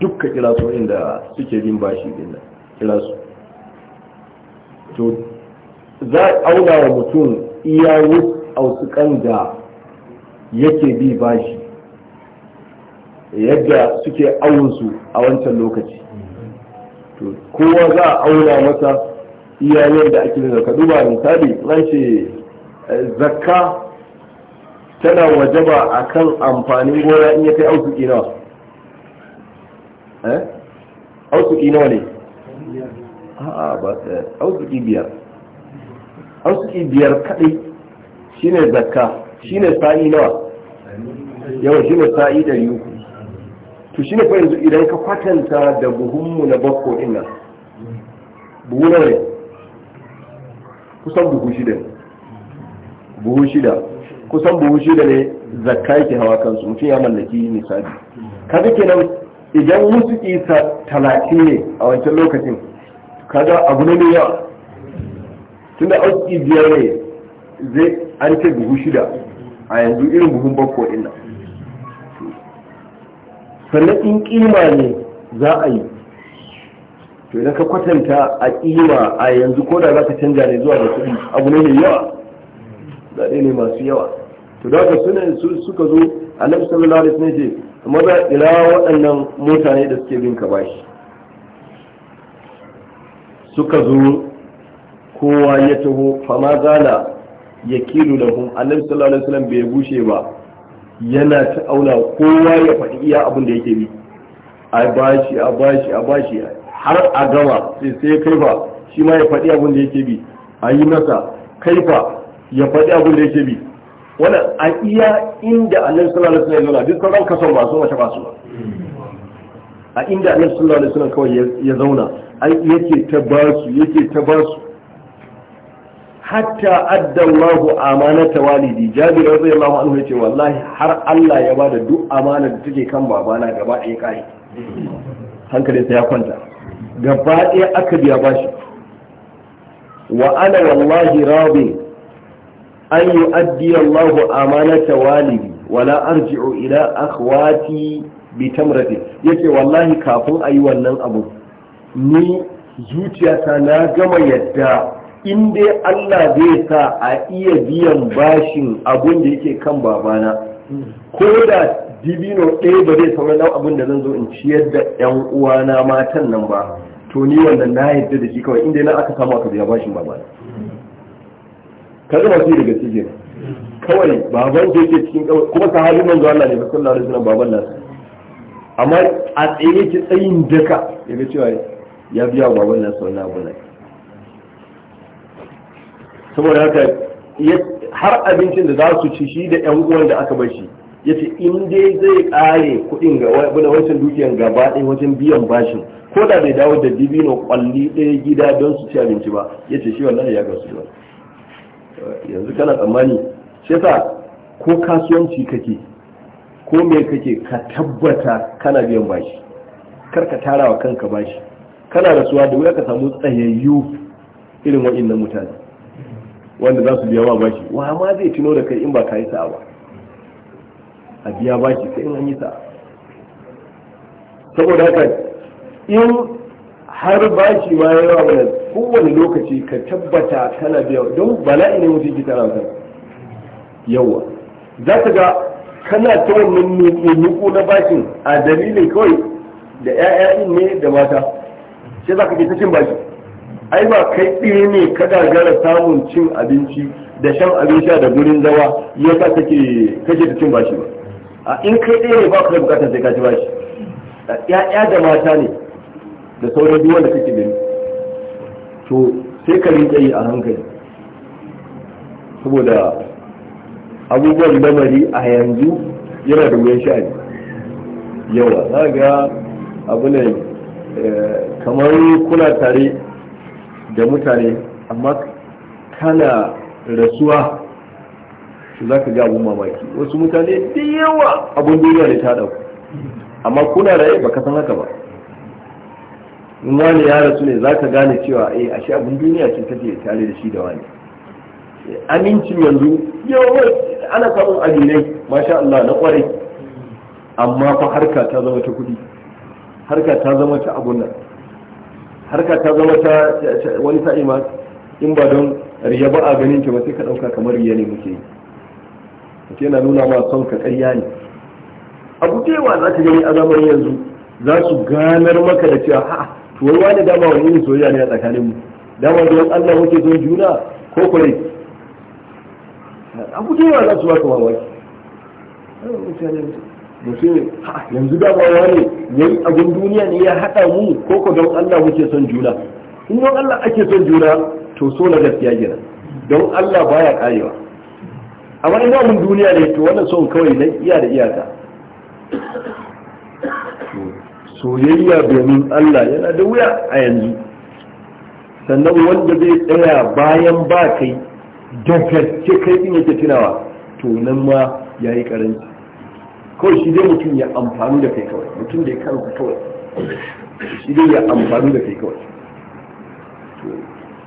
dukkan kira inda suke bin bashi dinnan kira to za a auna wa mutum iya ausukan da yake bi bashi yadda suke awunsu a wancan lokaci to kowa za a auna masa iya yadda ake yin zakka duba misali nan ce eh, zakka tana wajaba kan amfanin gona in ya kai ausuki nawa eh ausuki nawa ne a ba eh, ausuki biyar ausuki biyar kadai shine zakka shine sa'i nawa yawa shine sa'i da 300 to shine fa yanzu idan ka kwatanta da buhunmu na bakko din buhu nawa ne kusan buhu shida buhu shida kusan buhu shida ne zakka yake hawa kansu mutum ya mallaki misali kaga kenan idan musu isa talatin ne a wancan lokacin kaga abu ne mai yawa tunda auki biyar ne zai an ce buhu shida a yanzu irin buhun bakko ɗin sannan in kima ne za a yi to idan ka kwatanta a kima a yanzu ko da za ka canja ne zuwa da kuɗi abu ne mai yawa zaɓe ne masu yawa to da haka suna suka zo annabi sallallahu alaihi wasallam ce maza ila waɗannan mutane da suke bin ka bashi suka zo kowa ya taho fama zala ya da hun annabi sallallahu alaihi wasallam bai bushe ba yana ta aula kowa ya faɗi iya abin da yake bi a bashi a bashi a bashi har a gama sai sai ya kaifa shi ma ya faɗi abin da yake bi a yi masa kaifa ya faɗi abin da yake bi wannan a iya inda annabi sallallahu alaihi wasallam ya zauna duk sauran kason ba su mace ba su ba a inda annabi sallallahu alaihi wasallam kawai ya zauna ai yake ta basu yake ta basu hatta adda Allah amanata walidi Jabir radiyallahu anhu yace wallahi har Allah ya bada duk amanar da take kan babana gaba ɗaya kai hankalinsa ya kwanta gaba ɗaya aka biya bashi wa ana wallahi rabi an yi addiya Allahu amanata walidi wala arji'u ila akhwati bi tamratin yace wallahi kafin ayi wannan abu ni zuciyata na gama yadda in dai Allah zai sa a iya biyan bashin abun da yake kan babana ko da dibino ɗaya ba zai sami ɗan abin da zan zo in ciyar da ƴan uwana matan nan ba to ni wannan na yadda da shi kawai inda na aka samu aka biya bashin baba ka zama yi daga cikin kawai baban da yake cikin kawai kuma sahabi manzo Allah ne sallallahu alaihi wasallam baban nasu amma a tsaye ki tsayin daka yaga cewa ya biya baban nasu wannan abu ne saboda haka har abincin da za su ci shi da ƴan uwan da aka bar shi ya ce in dai zai kare kudin ga wani wancan dukiyan gaba ɗaya wajen biyan bashin ko da bai dawo da dibino kwalli ɗaya gida don su ci abinci ba ya ce shi wallahi ya gasu ba yanzu kana tsammani shi yasa ko kasuwanci kake ko me kake ka tabbata kana biyan bashi kar ka tara wa kanka bashi kana rasuwa da wuya ka samu tsayayyu irin wa'annan mutane wanda za su biya ma bashi wa ma zai tuno da kai in ba ka yi sa'a ba a biya shi sai in an yi sa saboda haka in har shi ma ya yawa mana kowane lokaci ka tabbata kana biya don bala'i ne mutum tara ransa yawa za ka ga kana ta wannan nuku na bashin a dalilin kawai da 'ya'ya'in ne da mata sai za ka ke ta cin bashi ai ba kai tsiri ne ka gagara samun cin abinci da shan abin sha da gurin zawa ya sa kake ta da cin bashi ba a in kai ɗaya ne ba ku da bukatar sai kaci ci bashi ya'ya da mata ne da sauran duk wanda kake gani to sai ka rinka yi a hankali saboda abubuwan lamari a yanzu yana da wuyan sha'ani yawa za ga abu ne eh, kamar kuna tare da mutane amma kana rasuwa su za ka ga abun mamaki wasu mutane da yawa abun duniya ne ta dauka amma kuna raye baka san haka ba in wani ya rasu ne za ka gane cewa eh ashe abun duniya ce tare da shi da wani amincin yanzu yawa ana samun adinai masha Allah na kwarai amma fa harka ta zama ta kudi harka ta zama ta abun nan harka ta zama ta wani ma in ba don riya ba a ganin ta ba sai ka ɗauka kamar riya ne muke yi ke yana nuna ma son ka karya ne abu guje wa za ka gani a zamanin yanzu za su ganar maka da cewa ha'a to wai wani dama wani irin soyayya ne a tsakanin mu dama don Allah muke son juna ko kure abu guje wa za su baka mamaki mutum yanzu dama wani wai abin duniya ne ya haɗa mu ko ko don Allah muke son juna in don Allah ake son juna to so na gaskiya gina don Allah baya karewa amma ina mun duniya ne to wannan son kawai na iya da iyaka soyayya domin Allah yana da wuya a yanzu sannan wanda zai tsaya bayan ba kai da gaske kai din yake tunawa to nan ma ya yi karanci kawai shi dai mutum ya amfani da kai kawai mutum da ya kansa kawai shi dai ya amfani da kai kawai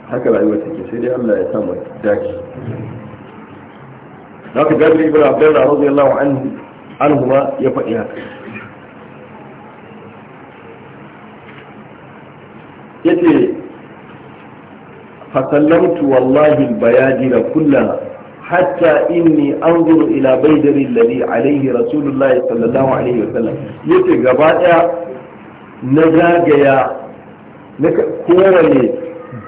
haka rayuwa take sai dai Allah ya samu mu dace haka jabir ibn abdullah radiyallahu anhu anhuma ya faɗi haka yace fasallamtu wallahi albayadira kullaha hatta inni anzuru ila baydari alladhi alayhi rasulullahi sallallahu alaihi wasallam yace gaba daya na zagaya na kowane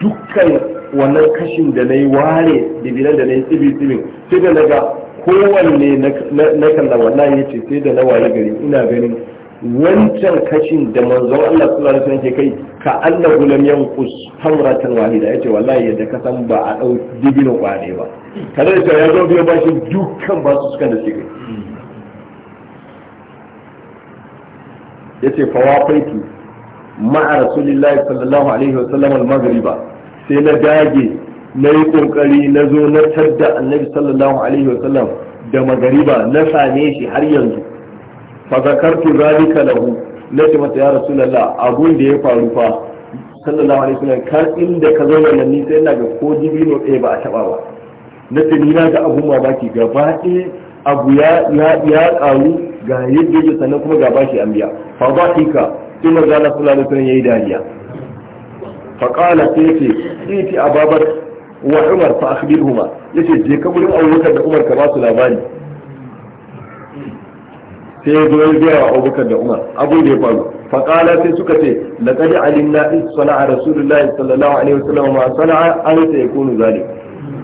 dukkan wannan kashin da na yi ware dibinan da na yi tsibi tsibin sai da na ga kowanne na kalla wallahi ya ce sai da na waye gari ina ganin wancan kashin da manzon Allah sallallahu alaihi wasallam ke kai ka gulam lam kus hamratan wahida yace wallahi yadda ka san ba a dau dibino kwade ba kada da ya zo biyo bashi dukkan ba su suka da shi yace fawafaitu ma'a rasulillahi sallallahu alaihi wasallam al-maghriba sai na dage na yi kokari na zo na tadda annabi sallallahu alaihi wasallam da magariba na same shi har yanzu fa zakartu zalika lahu na ce mata ya rasulullah abun da ya faru fa sallallahu alaihi wasallam kan inda ka zo wannan ni sai ina ga ko dibino ɗaya ba a taba ba na ce ni na ga abun mamaki gaba ɗaya abu ya ya karu ga yadda yake sannan kuma ga shi an biya fa ba sai maza sallallahu alaihi wasallam yayi dariya faƙala sai ya ce iti ababar wa umar fa akhbirhuma yace je ka gurin abubakar da umar ka ba su labari sai ya zo ya gaya wa abubakar da umar abu da ya faru faƙala sai suka ce laqad alimna in sana'a rasulullahi sallallahu alaihi wasallam ma sana'a an sai yakunu zalik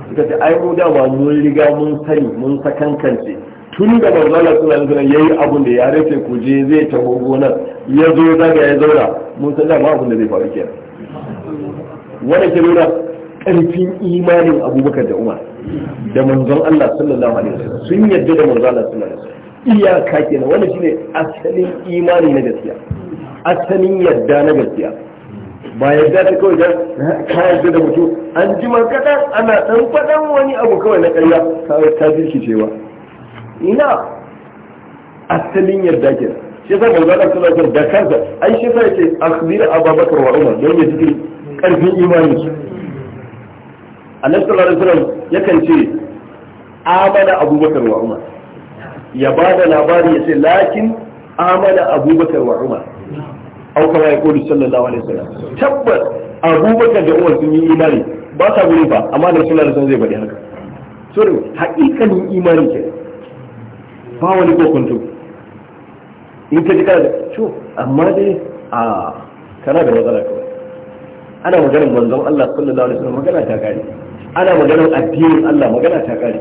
suka ce ai mu dama mun riga mun sani mun sakankance tun da manzo Allah sallallahu alaihi wasallam yayi abun da ya rufe kuje zai taho gonar ya zo daga ya zaura, mun san da dama abun da zai faru kenan wanda ke nuna ƙarfin imanin abubakar da umar da manzon Allah sallallahu alaihi wasallam sun yadda da manzon Allah sallallahu alaihi wasallam iyaka kenan wanda shine asalin imani na gaskiya asalin yadda na gaskiya ba yadda ta kawai da ka yadda da mutum an ji kaɗan ana ɗan faɗan wani abu kawai na ƙarya kawai ta jirki cewa ina asalin yadda kenan shi yasa manzon Allah sallallahu alaihi wasallam da kansa ai shi yasa ce akhbir Abubakar wa Umar don ya zikiri Ƙarfin imani su annabi sallallahu alaihi wasallam yakan ce amana abubakar wa umar ya bada labari ya ce lakin amana abubakar wa umar au kama ya kodi sallallahu alaihi wasallam tabbas abubakar da umar sun yi imani ba sa gure fa amma da sallallahu alaihi zai faɗi haka so da haƙiƙanin imani ke ba wani kokonto in ka ji kana da amma dai a kana da matsala kawai ana maganar manzon Allah sallallahu alaihi wasallam magana ta kare ana maganar addinin Allah magana ta kare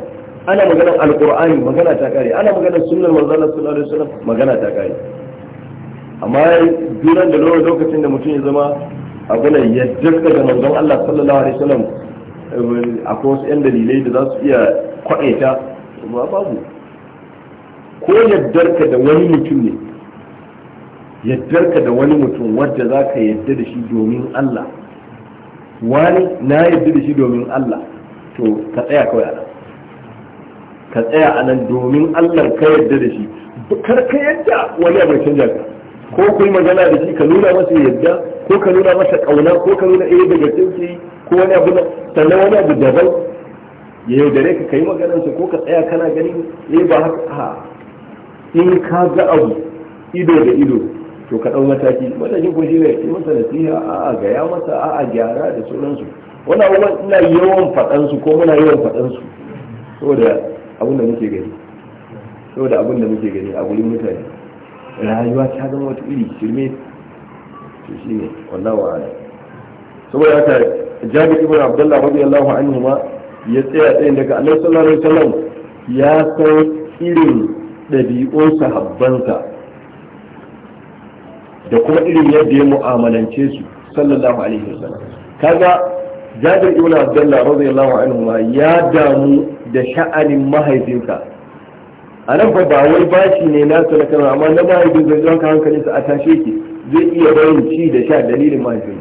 ana maganar alqur'ani magana ta kare ana maganar sunnar manzon Allah sallallahu alaihi wasallam magana ta kare amma duran da lokacin da mutum ya zama abu ne ya jirka da manzon Allah sallallahu alaihi wasallam akwai wasu yan dalilai da za su iya kwaɗaita ba babu ko yaddarka da wani mutum ne yaddarka da wani mutum wadda za ka yadda da shi domin Allah wani na yarda da shi domin Allah to ka tsaya kawai a nan ka tsaya a nan domin Allah ka yarda da shi kar ka yarda wani abin canja ka ko kuma magana da shi ka nuna masa yarda ko ka nuna masa kauna ko ka nuna eh daga tsinki ko wani abu na, sannan wani abu daban ya yaudare ka kai maganarsa ko ka tsaya kana gani eh ba haka in ka ga abu ido da ido to ka ɗau mataki matakin ko shi ne ya masa nasiha a'a gaya masa a'a gyara da sunansu wani abubuwan ina yawan faɗansu ko muna yawan faɗansu saboda abin da muke gani saboda abin da muke gani a gurin mutane rayuwa ta zama wata iri shirme to shi ne wallahu a'lam saboda haka jabir ibn abdullah radiyallahu anhu ma ya tsaya tsayin daga annabi sallallahu alaihi wasallam ya san irin ɗabi'un sahabbansa da kuma irin yadda ya mu'amalance su sallallahu alaihi wasallam kaga jabir ibn abdullah radiyallahu anhu ya damu da sha'anin mahaifinsa a nan fa ba wai bashi ne na na kana amma na mahaifin zai zo ka hankalin sa a tashe ki zai iya barin ci da sha dalilin mahaifin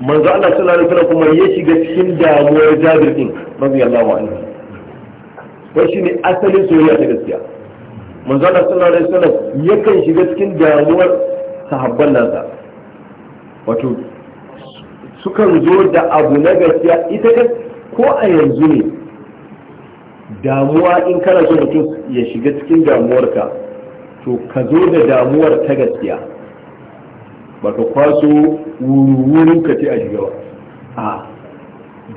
manzo Allah sallallahu alaihi wasallam kuma ya shiga cikin damuwar jabir din radiyallahu anhu wai shine asalin soyayya ta gaskiya manzo Allah sallallahu alaihi wasallam yakan shiga cikin damuwar sahabban nasa wato sukan zo da abu na gaskiya ita ko a yanzu ne damuwa in kana so mutum ya shiga cikin damuwarka to ka zo da damuwar ta gaskiya ba ka kwaso wurin ka ce a shiga ba a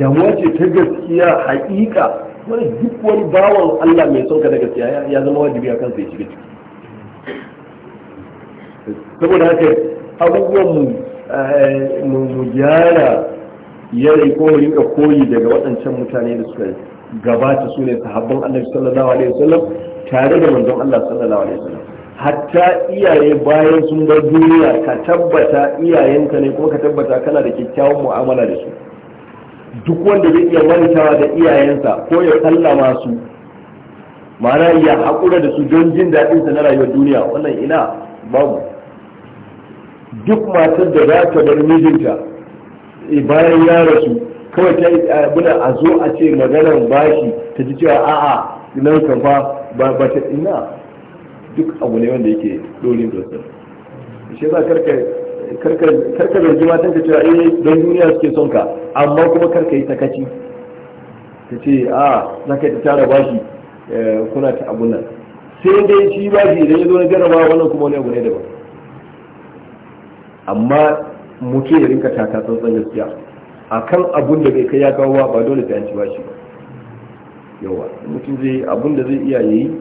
damuwa ce ta gaskiya haƙiƙa wani duk wani bawan Allah mai son ka daga gaskiya ya zama wajibi a kansa ya shiga ciki saboda haka abubuwan mu eh, mu gyara yanayi ko rinka koyi daga waɗancan mutane da suka gabata su ne sahabban Allah sallallahu alaihi wasallam tare da manzon Allah sallallahu alaihi wasallam hatta iyaye bayan sun bar duniya ka tabbata iyayenka ne kuma ka tabbata kana da kyakkyawan mu'amala da su duk wanda zai iya mantawa da iyayensa ko ya sallama su ma'ana ya haƙura da su don jin daɗinsa na rayuwar duniya wannan ina babu duk matar da za ta bar mijinta eh, bayan ya rasu kawai ta abuna a zo a ce maganar bashi ta ji cewa a'a nan kan fa ba ta ina duk abu ne wanda yake dole da shi za karka karka zargi matan ka cewa eh don duniya suke son ka amma kuma karka yi sakaci ta ce a za ka ta tara bashi eh, kuna ta abun nan sai dai shi bashi idan ya zo na jarraba wannan kuma wani abu ne daban amma muke ya rinka taka tsantsan gaskiya A kan abun da bai kai ya kawo ba dole ta yanci bashi ba yawa mutum zai abun da zai iya yi,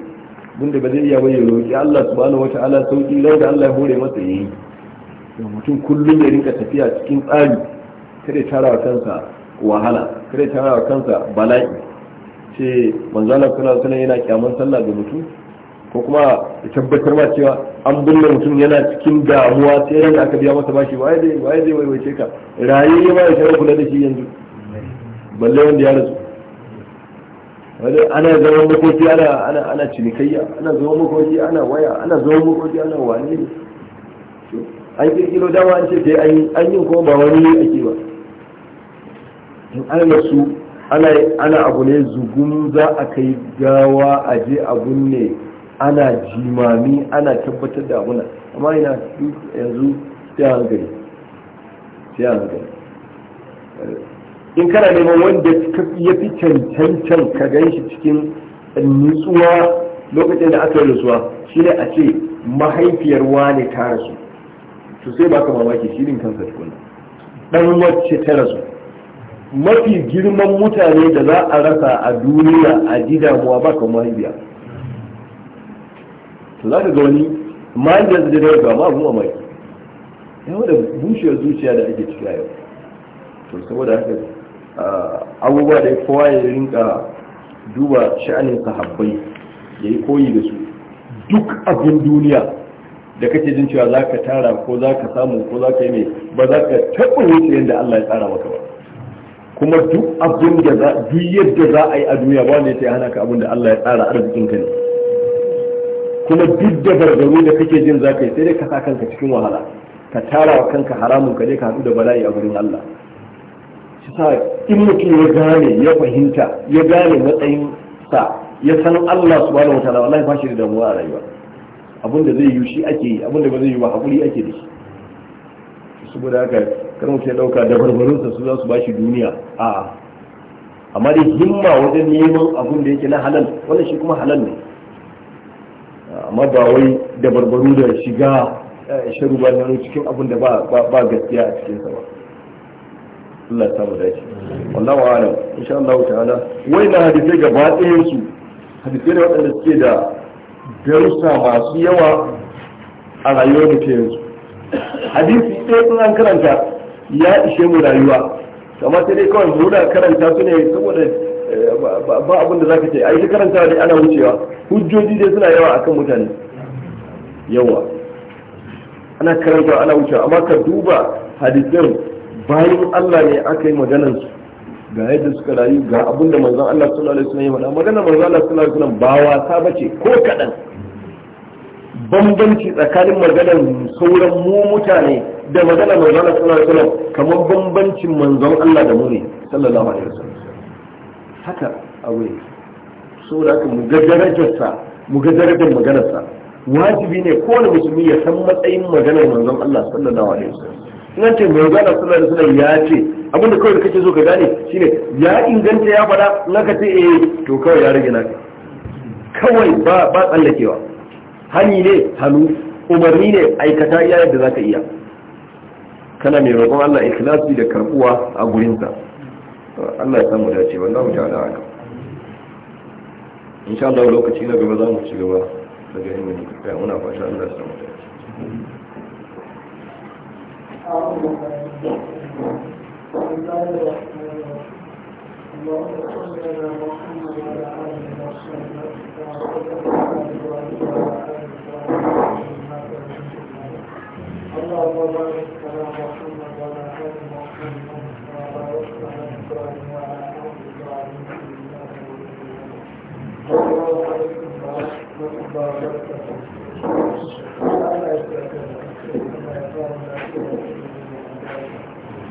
abun da ba zai iya ba ya roƙi Allah subhanahu ta'ala sauki da Allah ya hore masa yayi mutum kullum ya rinka tafiya cikin tsari kada ya tara wa kansa wahala kada ya tara wa kansa bala'i ce manzo Allah sallallahu alaihi yana kyaman sallah da mutum ko kuma ya tabbatar ma cewa an binne mutum yana cikin damuwa sai ran aka biya masa bashi waye dai waye dai ce ka rayuwa ma ya tara kula da shi yanzu balle wanda ya rasu wani ana zaman makoki ana ana cinikayya ana zaman makoki ana waya ana zaman makoki ana wane ne an kirkiro dama an ce sai an yi kuma ba wani ake ba in an rasu ana abu ne zugun za a kai gawa a je abun ne ana jimami ana tabbatar da abuna amma yana yanzu sai hankali sai hankali in kana neman wanda ya fi cancancan ka gan shi cikin nutsuwa lokacin da aka yi rasuwa shi ne a ce mahaifiyar wane ta rasu su sai baka mamaki shi din kansa tukuna dan wacce ta rasu mafi girman mutane da za a rasa a duniya a ji damuwa ba kan mahaifiya to za ka ga wani mahaifiyar su ta ga ma mamaki yawa da bushewar zuciya da ake ciki a yau to saboda haka abubuwa da kowa ya rinka duba sha'anin sahabbai ya yi koyi da su duk abin duniya da kake jin cewa za ka tara ko za ka samu ko za ka yi mai ba za ka taɓa wuce yadda Allah ya tsara maka ba kuma duk abin da za duk yadda za a yi a duniya ba wanda ya hana ka abin da Allah ya tsara arzikin ka ne kuma duk da barbaru da kake jin za ka yi sai dai ka sa kanka cikin wahala ka tara wa kanka haramun ka dai ka haɗu da bala'i a gurin Allah shi sa in mutum ya gane ya fahimta ya gane matsayin sa ya san Allah subhanahu wataala wallahi ba shi da damuwa a rayuwa abinda da zai yi shi ake yi abinda da ba zai yi ba hakuri ake da shi saboda haka kar mutum ya dauka da barbarunsa su za su bashi duniya a amma dai himma wajen neman abin da yake na halal wannan shi kuma halal ne amma ba wai da barbaru da shiga eh, sharu ba na cikin abin da ba gaskiya a cikinsa ba Allah ta bada shi wallahu a'lam insha Allah ta'ala wai na hadisi gaba ɗayan su hadisi da waɗanda suke da darussa masu yawa a rayuwar da ke yanzu hadisi ɗaya kun an karanta ya ishe mu rayuwa kamar sai dai kawai muna karanta su ne saboda eh, ba abin da za ka ce yi karanta dai ana wucewa hujjoji dai suna yawa akan mutane yawa ana karanta ana wucewa amma ka duba hadisin bayan Allah ne aka yi maganar ga yadda suka rayu ga abin da manzon Allah sallallahu alaihi wasallam ya faɗa magana manzon Allah sallallahu alaihi wasallam ba wasa bace ko kadan bambanci tsakanin maganar sauran mu mutane da maganar manzon Allah sallallahu alaihi wasallam kamar bambancin manzon Allah da mu ne sallallahu alaihi wasallam haka abu ne saboda haka mu ga darajarsa mu ga darajar maganarsa wajibi ne kowane musulmi ya san matsayin maganar manzon Allah sallallahu alaihi wasallam suna ce mai gana suna da suna ya ce abinda kawai da kake so ka gane shine ya inganta ya faɗa na ka ce eh to kawai ya rage naka kawai ba ba tsallakewa hani ne hannu umarni ne aikata iya yadda zaka iya kana mai roƙon Allah ikhlasi da karbuwa a gurinsa Allah ya samu dace mu ta'ala haka insha Allah lokaci na gaba za mu ci gaba daga inda muka kai muna fata Allah ya samu dace أعوذ بالله الرحمن الرحيم اللهم صل على محمد وعلى آله وصحبه اللهم بارك على محمد وعلى آل محمد وبارك على إبراهيم وعلى آل إبراهيم السلام عليكم ورحمة الله وبركاته.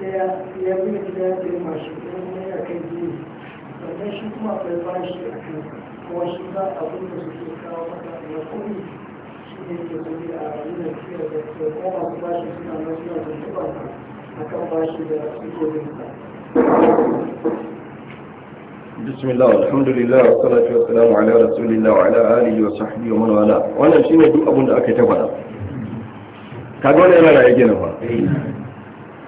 بسم الله الحمد لله والصلاة والسلام على رسول الله وعلى آله وصحبه ومن والاه وانا شنو دو ابو دا اكتبنا كاغون انا لا يجينا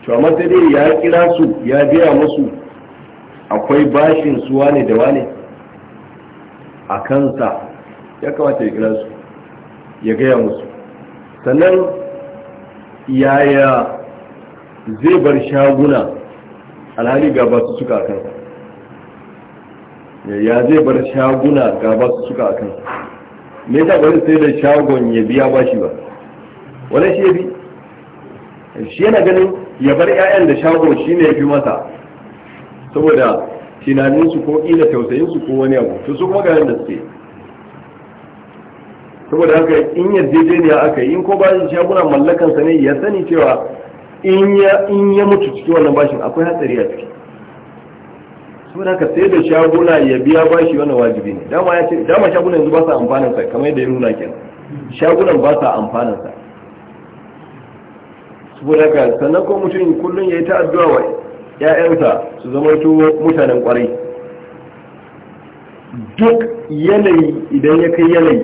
to amma sai dai ya kira su ya biya musu akwai bashin su wane da wane a kansa ya kamata ya kira su ya gaya musu sannan yaya zai bar shaguna alhali ba su suka a kansa ya zai bar shaguna gaba su suka kansa me ta bari sai da shagon ya biya bashi ba wani shi ya bi shi yana ganin ya bar 'ya'yan da shago shi ne ya fi masa saboda tunaninsu ko ila tausayinsu ko wani abu to su kuma ga da suke saboda haka in yarjejeniya aka yi in ko bashin shaguna mallakansa ne ya sani cewa in ya mutu cikin wannan bashin akwai hatsari a ciki saboda haka sai da shaguna ya biya bashi wannan wajibi ne dama ya ce dama shaguna yanzu ba sa amfanin sa kamar yadda ya nuna kenan shagunan ba sa amfanin sa saboda sannan ko mutum kullum ya yi ta addu'a wa ‘ya'yansa su zama mutanen kwarai duk yanayi idan ya kai yanayi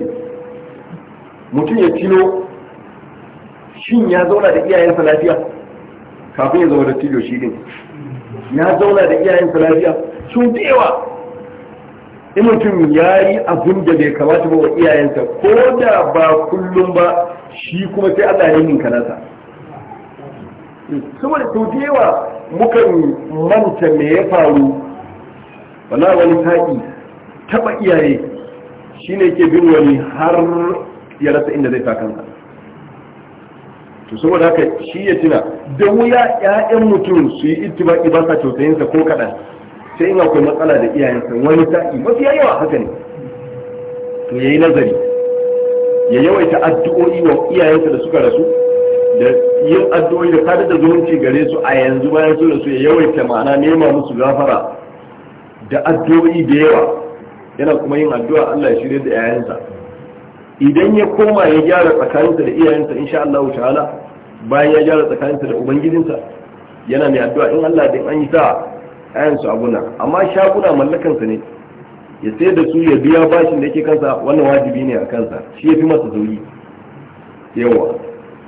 mutum ya tilo shin ya zauna da iyayensa lafiya kafin ya zama da tilo shi din ya zauna da iyayensa lafiya sun tewa in mutum ya yi abin da bai kamata ba wa iyayensa ko da ba kullum ba shi kuma sai Allah ya yi ninka nasa saboda sau da yawa mukan manta me ya faru wala wani taƙi taba iyaye shine yake bin wani har ya rasa inda zai sa ka to saboda haka shi ya tuna da wuya ƴaƴan mutum su yi ittibaki ba sa tausayinsa ko kaɗan sai in akwai matsala da iyayensa wani taƙi mafi yawa haka ne to yayi nazari ya yawaita addu'o'i wa iyayensa da suka rasu da yin addu'o'i da kada da zumunci gare su a yanzu bayan su da su ya yawaita ma'ana nema musu gafara da addu'o'i da yawa yana kuma yin addu'a Allah ya shirye da yayansa idan ya koma ya gyara tsakaninsa da iyayensa insha Allah ta'ala bayan ya gyara tsakaninsa da ubangijinsa yana mai addu'a in Allah din an yi sa ayansu abuna amma shaguna mallakansa ne ya sayar da su ya biya bashin da yake kansa wannan wajibi ne a kansa shi ya fi masa sauyi yawa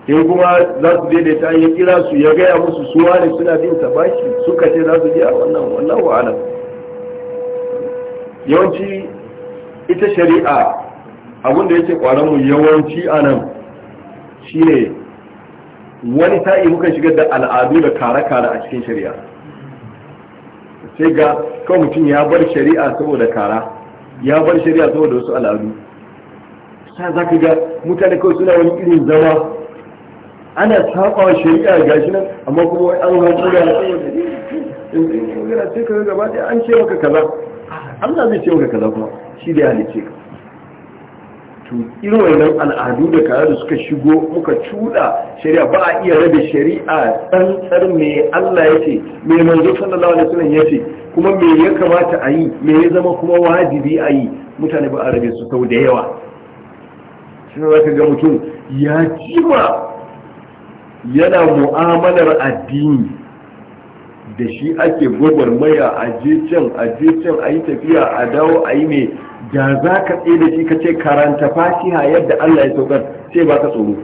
in kuma za su daidaita ya kira su ya gaya musu suwa ne suna bin sa bashi suka ce za su je a wannan wannan wa'alam yawanci ita shari'a abin da yake kwaron mu yawanci a nan shine wani sa'i muka shiga da al'adu da kare-kare a cikin shari'a sai ga kan mutum ya bar shari'a saboda kara ya bar shari'a saboda wasu al'adu sa za ka ga mutane kawai suna wani irin zama ana saba wa shari'a shi nan amma kuma wai an hakura na saboda in in magana sai ka gaba an ce maka kaza Allah zai ce maka kaza kuma shi da ya halice ka to irin wannan al'adu da kaza da suka shigo muka cuda shari'a ba a iya rabe shari'a tsantsar me Allah ya ce me manzo sallallahu alaihi wasallam ya ce kuma me ya kamata a yi me ya zama kuma wajibi a yi mutane ba a rabe su sau da yawa shi ne za ka ga mutum ya jima yana mu'amalar addini da shi ake gwagwarmaya a je can a je a yi tafiya a dawo a yi mai da za ka tsaye da shi ka ce karanta fatiha yadda Allah ya saukar sai ba ka tsoro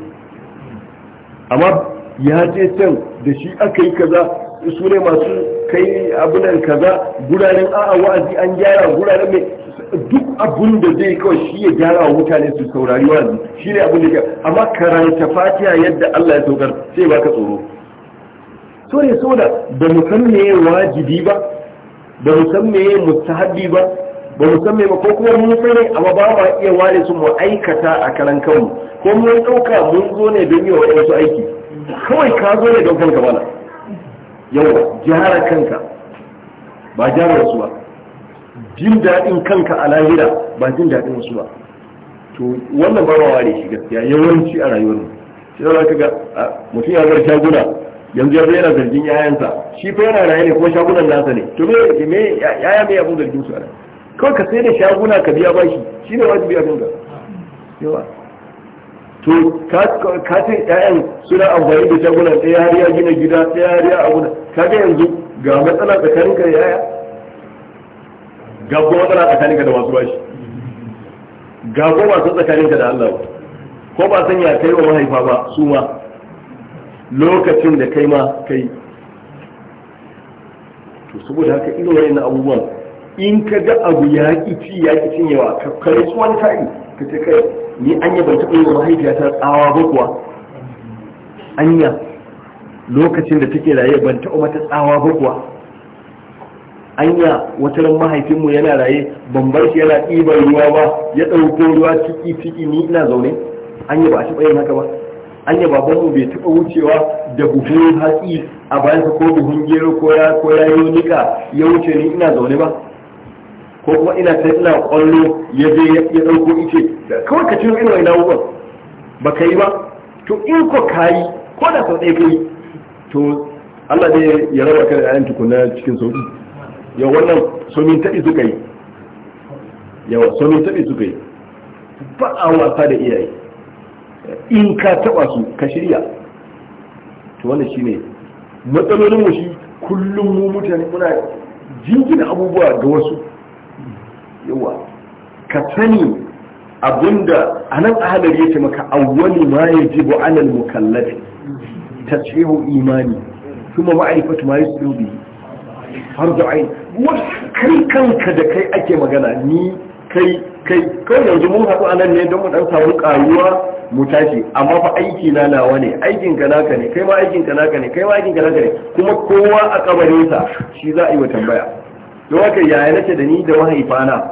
amma ya je can da shi aka yi kaza su ne masu kai abunan kaza guraren a'a wa'azi an gyara guraren mai duk abun da zai kawai shi ya gyara wa mutane su saurari wa'azi shi ne abun da ke amma karanta fatiha yadda Allah ya saukar sai baka tsoro so ne so da ba mu san meye wajibi ba ba mu san meye mustahabi ba ba mu san meye ko kuma mun sani amma ba ma iya ware su mu aikata a karan kanmu ko mun dauka mun zo ne don yi wa wasu aiki kawai ka zo ne don kanka bana yawa gyara kanka ba gyara wasu ba jin daɗin kanka a lahira ba jin daɗin wasu ba to wannan ba ba ware shi gaskiya yawanci a rayuwar mu shi za ka ga mutum ya bar shaguna yanzu ya yana zargin yayansa shi fa yana raye ne kuma shagunan nasa ne to me me yaya me abun zargin su a nan kawai ka sai da shaguna ka biya bashi shi ne wajibi a kanka yawa to ka ce ƴaƴan suna amfani da shaguna ɗaya har ya gina gida ɗaya har ya abu ka ga yanzu ga matsala tsakaninka da yaya ga kuma matsala tsakaninka da masu bashi ga kuma masu tsakaninka da Allah ko ba san ya kai wa mahaifa ba su ma lokacin da kai ma kai to saboda haka irin wayannan abubuwan in ka ga abu ya ki ci ya ki cinyewa ka kare su wani kai ka ce kai ni anya ban taɓa yin mahaifiyata tsawa ba kuwa anya lokacin da take raye ban taɓa mata tsawa ba kuwa anya wata ran mahaifinmu yana raye ban bar shi yana ɗiban ruwa ba ya ɗauko ruwa ciki ciki ni ina zaune anya ba a taɓa yin haka ba anya mu bai taɓa wucewa da buhun hatsi a bayansa ko buhun gero ko ya ko ya yi nika ya wuce ni ina zaune ba ko kuma ina ta ina kwallo ya je ya ɗauko ice kawai ka ciro ina ina abubuwan ba ka yi ba to in ko ka yi ko da sau ɗaya ka yi to Allah ne ya raba ka da ayan kuna cikin sauƙi yau wannan somin taɓi suka yi yawa somin taɓi suka yi ba a wasa da iyaye in ka taɓa su ka shirya to wannan shine matsalolin mu shi kullum mu mutane muna jingina abubuwa ga wasu yawa ka sani abinda a nan ahadar ya ce maka awwali ma ya yajibu alal mukallafi tashihu imani kuma ma'rifatu ma yusbihu bihi fardu ain kai kanka da kai ake magana ni kai kai kawai yanzu mun haɗu anan ne don mu ɗan samu ƙaruwa mu tashi amma fa aiki na nawa ne aikin ka naka ne kai ma aikin ka naka ne kai ma aikin ka naka ne kuma kowa a kabarin sa shi za a yi wa tambaya don haka yaya nake da ni da mahaifana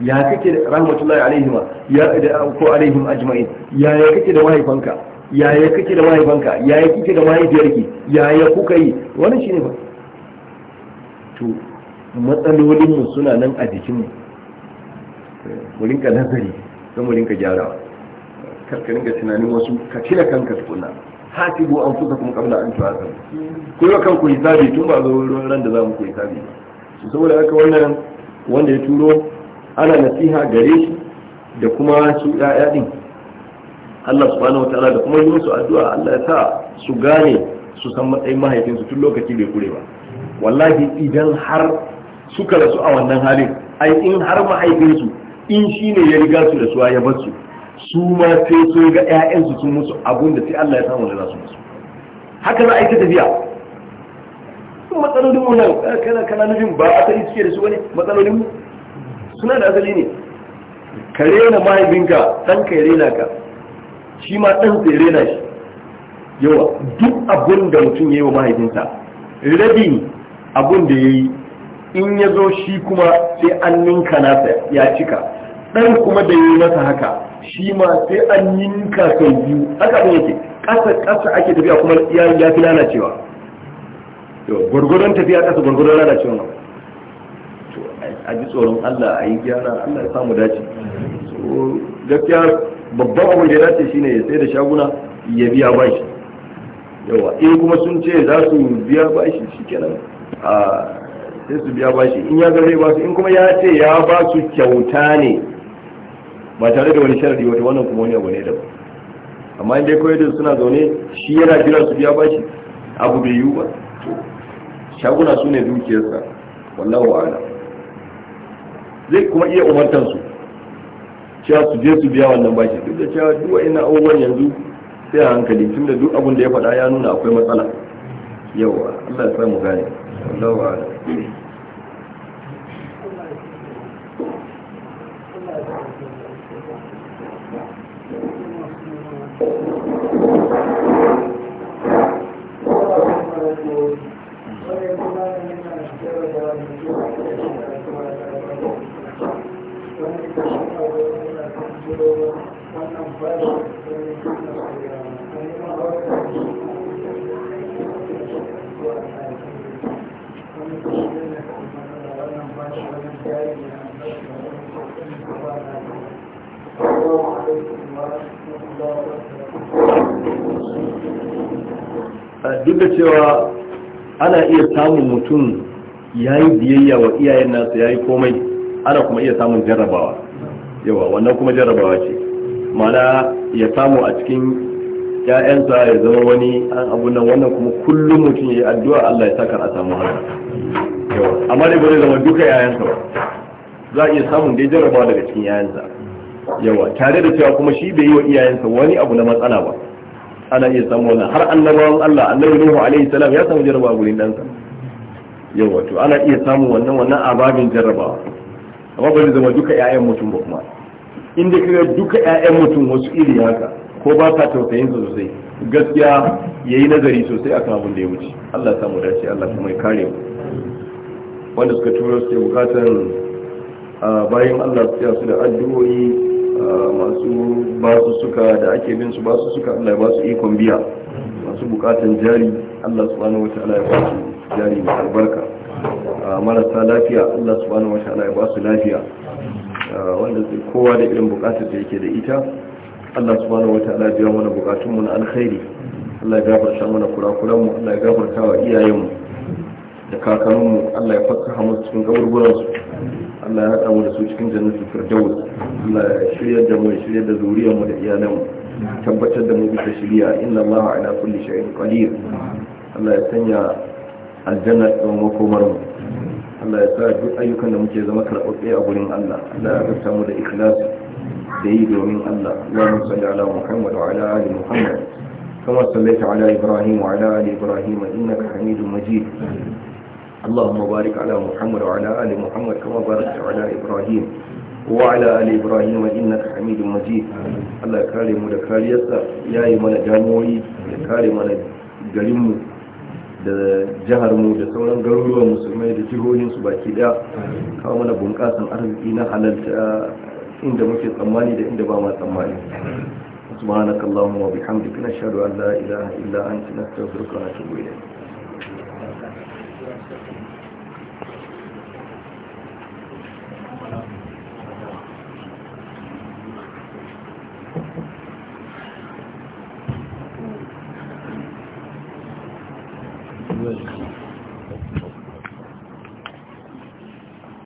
ya kake da rahmatullahi ma ya ko alaihim ajma'in yaya kake da mahaifanka yaya kake da mahaifanka yaya kike da mahaifiyarki yaya kuka yi wannan shine ba to matsalolinmu suna nan a jikinmu mu rinka nazari don mu rinka gyarawa karka rinka tunanin wasu ka cire kanka tukuna bu an fusa kuma kabla an tuwa zan ku yi kanku hisabi tun ba zo ran da za mu ku hisabi ba su saboda haka wannan wanda ya turo ana nasiha gare shi da kuma su ya'ya din Allah subhanahu wataala da kuma yi musu addu'a Allah ya sa su gane su san matsayin mahaifinsu tun lokaci bai kure ba wallahi idan har suka rasu a wannan halin ai in har mahaifinsu in shi ne ya riga su da suwa ya bar su ma sai sun ga 'ya'yansu sun musu abun da sai Allah ya samu da za su musu haka za a yi ta tafiya matsalolin mu nan eh, kana kana nufin ba asali suke da su bane matsalolin mu suna da asali ne ka rena mahaifinka dan ka rena ka shi ma dan sai rena shi yawa duk abin da mutum ya yi wa mahaifinsa rabi abun da yayi in ya zo shi kuma sai an ninka nasa ya cika dan kuma da yayi masa haka shi ma sai an ninka sau biyu haka ne yake kasa kasa ake tafiya kuma ya fi lalacewa gwargwadon tafiya kasa gwargwadon lalacewa a ji tsoron Allah a yi gyara Allah ya samu dace so gaskiya babban abin da ya dace shine ya sai da shaguna ya biya bashi yawa in kuma sun ce za su biya bashi shikenan sai su biya bashi in ya ga ba basu in kuma ya ce ya ba su kyauta ne ba tare da wani sharadi wata wannan kuma wani abu ne ba. amma in dai koyar da suna zaune shi yana jira su biya bashi abu bai yiwu ba shaguna su ne dukiyarsa wallahu ala zai kuma iya umartansu, su cewa su je su biya wannan bashi duk da cewa duk wa'annan abubuwan yanzu sai a hankali tunda duk abin da ya faɗa ya nuna akwai matsala yawa Allah ya samu gane الله Thank you. duk da cewa ana iya samun mutum ya yi biyayya wa iyayen nasa ya yi komai ana kuma iya samun jarrabawa yawa wannan kuma jarrabawa ce mana ya samu a cikin ya'yansa ya zama wani an abu wannan kuma kullum mutum ya yi addu'a Allah ya saka a samu haka yawa amma ne zama duka 'ya'yansa ba za a iya samun dai ya jarrabawa daga cikin yayansa yawa tare da cewa kuma shi bai yi wa iyayensa wani abu na matsala ba ana iya samu wannan har annabawan Allah annabi Nuhu alaihi salam ya samu jarrabawa gurin dansa yawa to ana iya samun wannan wannan ababin jarrabawa amma ba zama duka ƴaƴan mutum ba kuma Inda kaga duka ƴaƴan mutum wasu iri haka ko ba ka tausayin su sosai gaskiya yayi nazari sosai akan abin da ya wuce Allah samu dace Allah kuma ya kare mu wanda suka turo suke bukatan bayan Allah ya su da addu'o'i masu basu suka da ake bin su basu suka Allah ya ba su ikon biya masu bukatan jari Allah subhanahu wataala ya basu jari mai albarka marasa lafiya Allah subhanahu wataala ya ba su lafiya wanda sai kowa da irin bukatar da yake da ita Allah subhanahu wataala ya biya mana bukatun mu na alkhairi Allah ya gafarta mana kurakuran mu Allah ya gafarta wa iyayen mu da kakanninmu Allah ya fakka musu cikin kaburburansu Allah ya haɗa mu da su cikin jannatul firdaus Allah ya shirya da mu ya shirya da zuriyar mu da iyalan mu tabbatar da mu bisa shirya inna Allah ala kulli shay'in qadir Allah ya sanya aljanna da makomar mu Allah ya sa duk ayyukan da muke zama karɓaɓɓe a gurin Allah Allah ya rubuta mu da ikhlasi da yi domin Allah Allahumma salli ala Muhammad wa ala ali Muhammad كما صليت على إبراهيم وعلى آل إبراهيم إنك حميد مجيد اللهم بارك على محمد وعلى آل محمد كما باركت على إبراهيم وعلى آل إبراهيم إنك حميد مجيد الله كاري مو دكاريسا يا من جاموي كاري من جلمو da jihar mu da sauran garuruwan musulmai da jihohin su baki daya kawo mana bunƙasan arziki na halalta inda muke tsammani da inda ba ma tsammani subhanakallahumma wa bihamdika nashhadu an la ilaha illa anta nastaghfiruka wa natubu ilayk